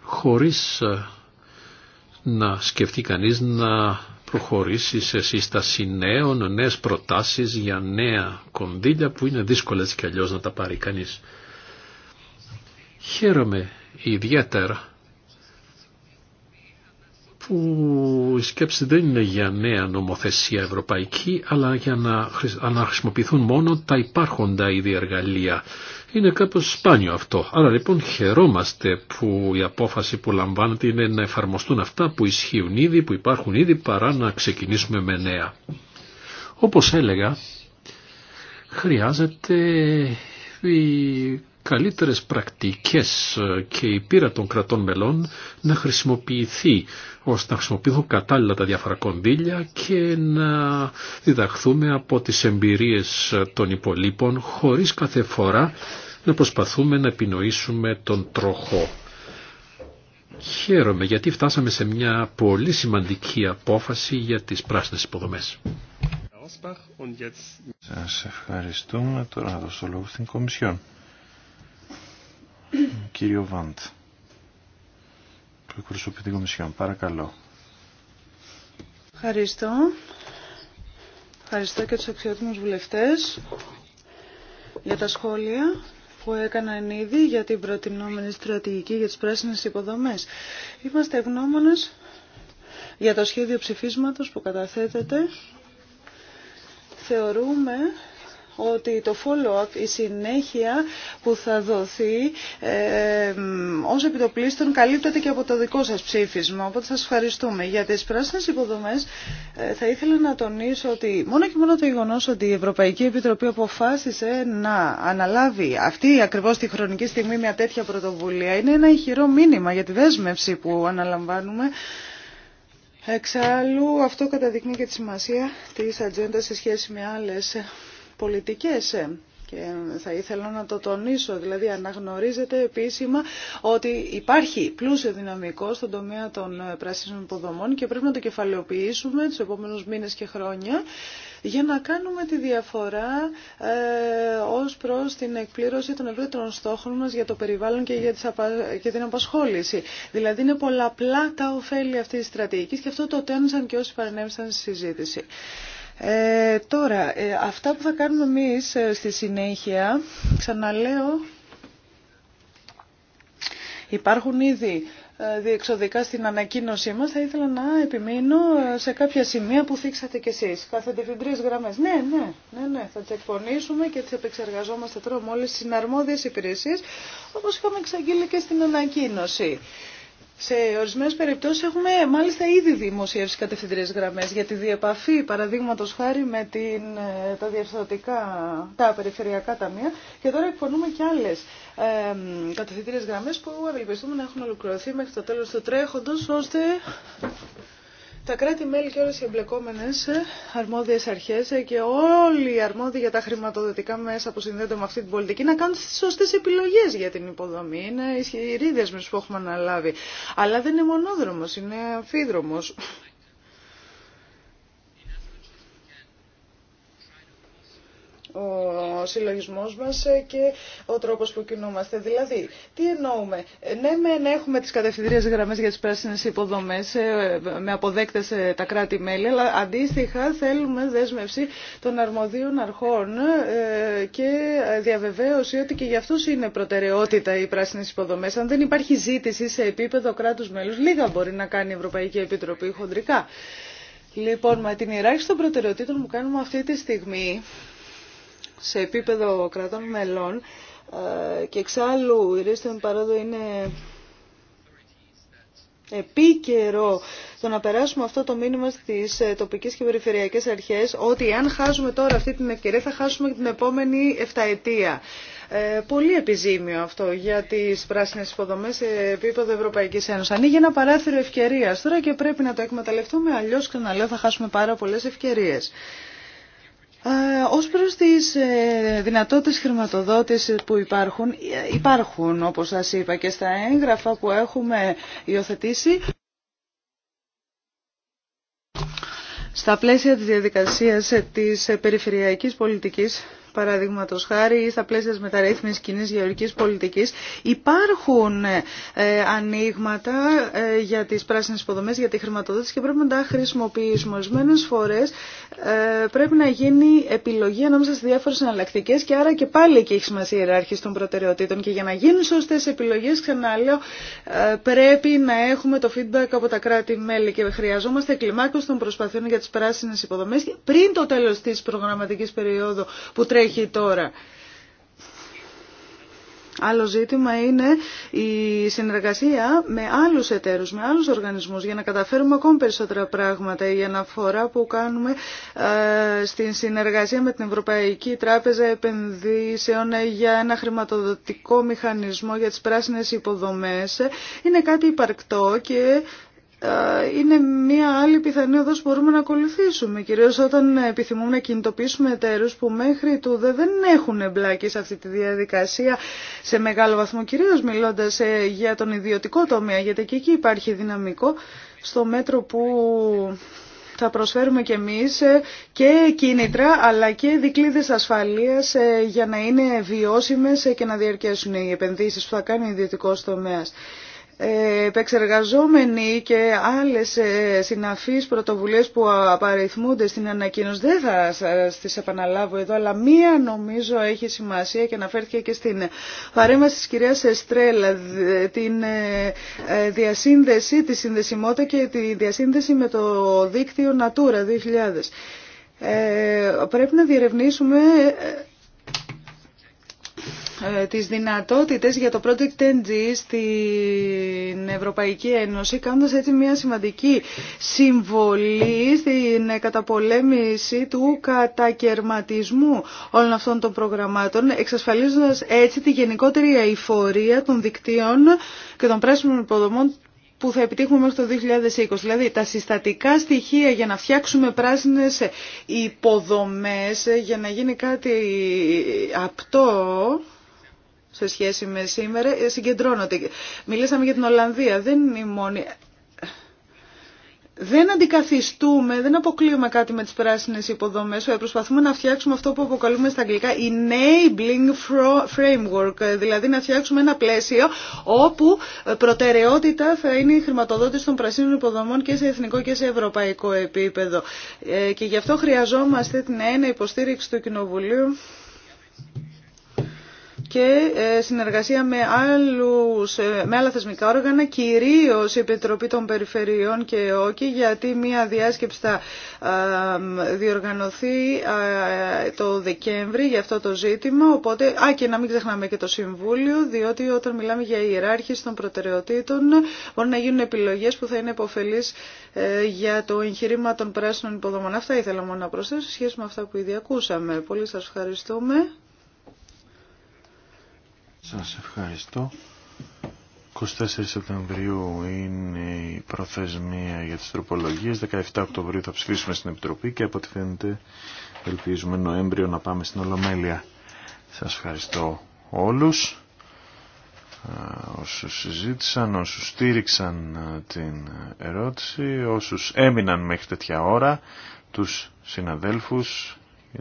Χωρίς ε, να σκεφτεί κανείς να προχωρήσει σε σύσταση νέων, νέες προτάσεις για νέα κονδύλια που είναι δύσκολε και αλλιώς να τα πάρει κανείς. Χαίρομαι ιδιαίτερα που η σκέψη δεν είναι για νέα νομοθεσία ευρωπαϊκή αλλά για να χρησιμοποιηθούν μόνο τα υπάρχοντα ήδη εργαλεία είναι κάπως σπάνιο αυτό. Άρα λοιπόν χαιρόμαστε που η απόφαση που λαμβάνεται είναι να εφαρμοστούν αυτά που ισχύουν ήδη, που υπάρχουν ήδη, παρά να ξεκινήσουμε με νέα. Όπως έλεγα, χρειάζεται καλύτερες πρακτικές ε, και η πείρα των κρατών μελών να χρησιμοποιηθεί ώστε να χρησιμοποιηθούν κατάλληλα τα διάφορα κονδύλια και να διδαχθούμε από τις εμπειρίες των υπολείπων χωρίς κάθε φορά να προσπαθούμε να επινοήσουμε τον τροχό. Χαίρομαι γιατί φτάσαμε σε μια πολύ σημαντική απόφαση για τις πράσινες υποδομές. Σας ευχαριστούμε. Τώρα να δώσω λόγο στην Κομισιόν κύριο Βαντ που Κομισιόν. Παρακαλώ. Ευχαριστώ. Ευχαριστώ και τους αξιότιμους βουλευτές για τα σχόλια που έκαναν ήδη για την προτιμνόμενη στρατηγική για τις πράσινες υποδομές. Είμαστε ευγνώμονες για το σχέδιο ψηφίσματος που καταθέτεται. Θεωρούμε ότι το follow-up, η συνέχεια που θα δοθεί ε, ως επιτοπλίστων καλύπτεται και από το δικό σας ψήφισμα. Οπότε σας ευχαριστούμε. Για τις πράσινες υποδομές ε, θα ήθελα να τονίσω ότι μόνο και μόνο το γεγονό ότι η Ευρωπαϊκή Επιτροπή αποφάσισε να αναλάβει αυτή ακριβώς τη χρονική στιγμή μια τέτοια πρωτοβουλία είναι ένα ηχηρό μήνυμα για τη δέσμευση που αναλαμβάνουμε Εξάλλου αυτό καταδεικνύει και τη σημασία της ατζέντα σε σχέση με άλλες πολιτικές ε, και θα ήθελα να το τονίσω, δηλαδή αναγνωρίζεται επίσημα ότι υπάρχει πλούσιο δυναμικό στον τομέα των ε, πράσινων υποδομών και πρέπει να το κεφαλαιοποιήσουμε τους επόμενους μήνες και χρόνια για να κάνουμε τη διαφορά ε, ως προς την εκπλήρωση των ευρύτερων στόχων μας για το περιβάλλον και για, την απασχόληση. Δηλαδή είναι πολλαπλά τα ωφέλη αυτής της στρατηγικής και αυτό το τένισαν και όσοι παρενέβησαν στη συζήτηση. Ε, τώρα, ε, αυτά που θα κάνουμε εμείς ε, στη συνέχεια, ξαναλέω, υπάρχουν ήδη διεξοδικά στην ανακοίνωσή μας, θα ήθελα να επιμείνω σε κάποια σημεία που θίξατε κι εσείς. Καθεντεφιμπρίες γραμμές. Ναι, ναι, ναι, ναι, θα τις εκπονήσουμε και τις επεξεργαζόμαστε τώρα με όλες τις συναρμόδιες υπηρεσίες, όπως είχαμε εξαγγείλει και στην ανακοίνωση. Σε ορισμένε περιπτώσει έχουμε μάλιστα ήδη δημοσιεύσει κατευθυντήρε γραμμέ για τη διεπαφή, παραδείγματο χάρη με την, ε, τα διευθυντικά, τα περιφερειακά ταμεία. Και τώρα εκπονούμε και άλλε ε, κατευθυντηρίε γραμμέ που ευελπιστούμε να έχουν ολοκληρωθεί μέχρι το τέλο του τρέχοντο, ώστε τα κράτη-μέλη και όλες οι εμπλεκόμενες ε, αρμόδιες αρχές ε, και όλοι οι αρμόδιοι για τα χρηματοδοτικά μέσα που συνδέονται με αυτή την πολιτική να κάνουν τις σωστές επιλογές για την υποδομή. Είναι ισχυροί μας που έχουμε αναλάβει. Αλλά δεν είναι μονόδρομος, είναι αφίδρομος. ο συλλογισμός μας και ο τρόπος που κινούμαστε. Δηλαδή, τι εννοούμε. Ναι, μεν ναι, έχουμε τις κατευθυντήριες γραμμές για τις πράσινες υποδομές ε, με αποδέκτες ε, τα κράτη-μέλη, αλλά αντίστοιχα θέλουμε δέσμευση των αρμοδίων αρχών ε, και διαβεβαίωση ότι και για αυτούς είναι προτεραιότητα οι πράσινες υποδομές. Αν δεν υπάρχει ζήτηση σε επίπεδο κράτους μέλους, λίγα μπορεί να κάνει η Ευρωπαϊκή Επιτροπή χοντρικά. Λοιπόν, με την ιεράρχηση των προτεραιοτήτων που κάνουμε αυτή τη στιγμή, σε επίπεδο κρατών μελών ε, και εξάλλου η ρίστα παρόδο είναι επίκαιρο το να περάσουμε αυτό το μήνυμα στις ε, τοπικές και περιφερειακές αρχές ότι αν χάσουμε τώρα αυτή την ευκαιρία θα χάσουμε την επόμενη εφταετία. Ε, πολύ επιζήμιο αυτό για τις πράσινες υποδομές σε επίπεδο Ευρωπαϊκής Ένωσης. Ανοίγει ένα παράθυρο ευκαιρίας τώρα και πρέπει να το εκμεταλλευτούμε, αλλιώς ξαναλέω θα χάσουμε πάρα πολλές ευκαιρίες. Ε, ως προς τις ε, δυνατότητες χρηματοδότησης που υπάρχουν, ε, υπάρχουν όπως σας είπα και στα έγγραφα που έχουμε υιοθετήσει. Στα πλαίσια της διαδικασίας της περιφερειακής πολιτικής παραδείγματο χάρη ή στα πλαίσια τη μεταρρύθμιση κοινή γεωργική πολιτική, υπάρχουν ε, ε, ανοίγματα ε, για τι πράσινε υποδομέ, για τη χρηματοδότηση και πρέπει να τα χρησιμοποιήσουμε. Ορισμένε φορέ πρέπει να γίνει επιλογή ανάμεσα στι διάφορε εναλλακτικέ και άρα και πάλι εκεί έχει σημασία η ιεράρχηση των προτεραιοτήτων. Και για να γίνουν σωστέ επιλογέ, ξαναλέω, πρέπει να έχουμε το feedback από τα κράτη-μέλη και χρειαζόμαστε κλιμάκωση των προσπαθειών για τι πράσινε υποδομέ πριν το τέλο τη προγραμματική περίοδου που τρέχει τώρα. Άλλο ζήτημα είναι η συνεργασία με άλλους εταίρους, με άλλους οργανισμούς για να καταφέρουμε ακόμη περισσότερα πράγματα. Η αναφορά που κάνουμε ε, στην συνεργασία με την Ευρωπαϊκή Τράπεζα Επενδύσεων για ένα χρηματοδοτικό μηχανισμό για τις πράσινες υποδομές είναι κάτι υπαρκτό και ε, είναι μία άλλη πιθανή οδός που μπορούμε να ακολουθήσουμε, κυρίως όταν επιθυμούμε να κινητοποιήσουμε εταίρους που μέχρι του δεν έχουν εμπλάκει σε αυτή τη διαδικασία σε μεγάλο βαθμό, κυρίως μιλώντας ε, για τον ιδιωτικό τομέα, γιατί και εκεί υπάρχει δυναμικό στο μέτρο που θα προσφέρουμε και εμείς ε, και κίνητρα αλλά και δικλείδες ασφαλείας για να είναι βιώσιμες και να διαρκέσουν οι επενδύσεις που θα κάνει ο ιδιωτικός τομέας επεξεργαζόμενοι και άλλες ε, συναφείς πρωτοβουλίες που απαριθμούνται στην ανακοίνωση. Δεν θα σας τις επαναλάβω εδώ, αλλά μία νομίζω έχει σημασία και αναφέρθηκε και στην παρέμβαση της κυρίας Εστρέλα, την ε, ε, διασύνδεση, τη συνδεσιμότητα και τη διασύνδεση με το δίκτυο Natura 2000. Ε, πρέπει να διερευνήσουμε ε, τις δυνατότητες για το Project NG στην Ευρωπαϊκή Ένωση, κάνοντας έτσι μια σημαντική συμβολή στην καταπολέμηση του κατακαιρματισμού όλων αυτών των προγραμμάτων, εξασφαλίζοντας έτσι τη γενικότερη αηφορία των δικτύων και των πράσινων υποδομών που θα επιτύχουμε μέχρι το 2020. Δηλαδή τα συστατικά στοιχεία για να φτιάξουμε πράσινες υποδομές, για να γίνει κάτι απτό, σε σχέση με σήμερα ε, συγκεντρώνονται. Μιλήσαμε για την Ολλανδία, δεν είναι η μόνη. Δεν αντικαθιστούμε, δεν αποκλείουμε κάτι με τις πράσινες υποδομές, ε, προσπαθούμε να φτιάξουμε αυτό που αποκαλούμε στα αγγλικά enabling framework, ε, δηλαδή να φτιάξουμε ένα πλαίσιο όπου προτεραιότητα θα είναι η χρηματοδότηση των πρασίνων υποδομών και σε εθνικό και σε ευρωπαϊκό επίπεδο. Και γι' αυτό χρειαζόμαστε την ένα υποστήριξη του Κοινοβουλίου και ε, συνεργασία με, άλλους, ε, με άλλα θεσμικά όργανα, κυρίως η Επιτροπή των Περιφερειών και ΟΚΙ, γιατί μία διάσκεψη θα διοργανωθεί το Δεκέμβρη για αυτό το ζήτημα, οπότε, α, και να μην ξεχνάμε και το Συμβούλιο, διότι όταν μιλάμε για ιεράρχηση των προτεραιοτήτων, μπορεί να γίνουν επιλογές που θα είναι υποφελείς ε, για το εγχειρήμα των πράσινων υποδομών. Αυτά ήθελα μόνο να προσθέσω, σχέση με αυτά που ήδη ακούσαμε. Πολύ σας ευχαριστούμε. Σας ευχαριστώ. 24 Σεπτεμβρίου είναι η προθεσμία για τις τροπολογίες. 17 Οκτωβρίου θα ψηφίσουμε στην Επιτροπή και από ό,τι φαίνεται ελπίζουμε Νοέμβριο να πάμε στην Ολομέλεια. Σας ευχαριστώ όλους όσους συζήτησαν, όσους στήριξαν την ερώτηση, όσους έμειναν μέχρι τέτοια ώρα, τους συναδέλφους,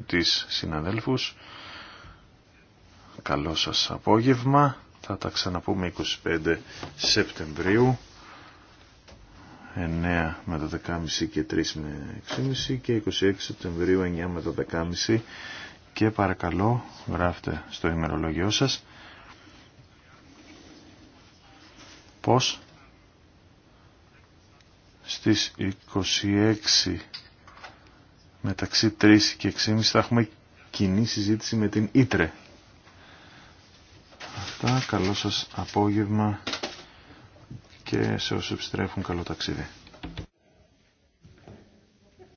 τις συναδέλφους. Καλό σας απόγευμα. Θα τα ξαναπούμε 25 Σεπτεμβρίου. 9 με 12.30 και 3 με 6.30 και 26 Σεπτεμβρίου 9 με 12.30 και παρακαλώ γράφτε στο ημερολόγιο σας πως στις 26 μεταξύ 3 και 6.30 θα έχουμε κοινή συζήτηση με την Ήτρε αυτά. Καλό σας απόγευμα και σε όσους επιστρέφουν καλό ταξίδι.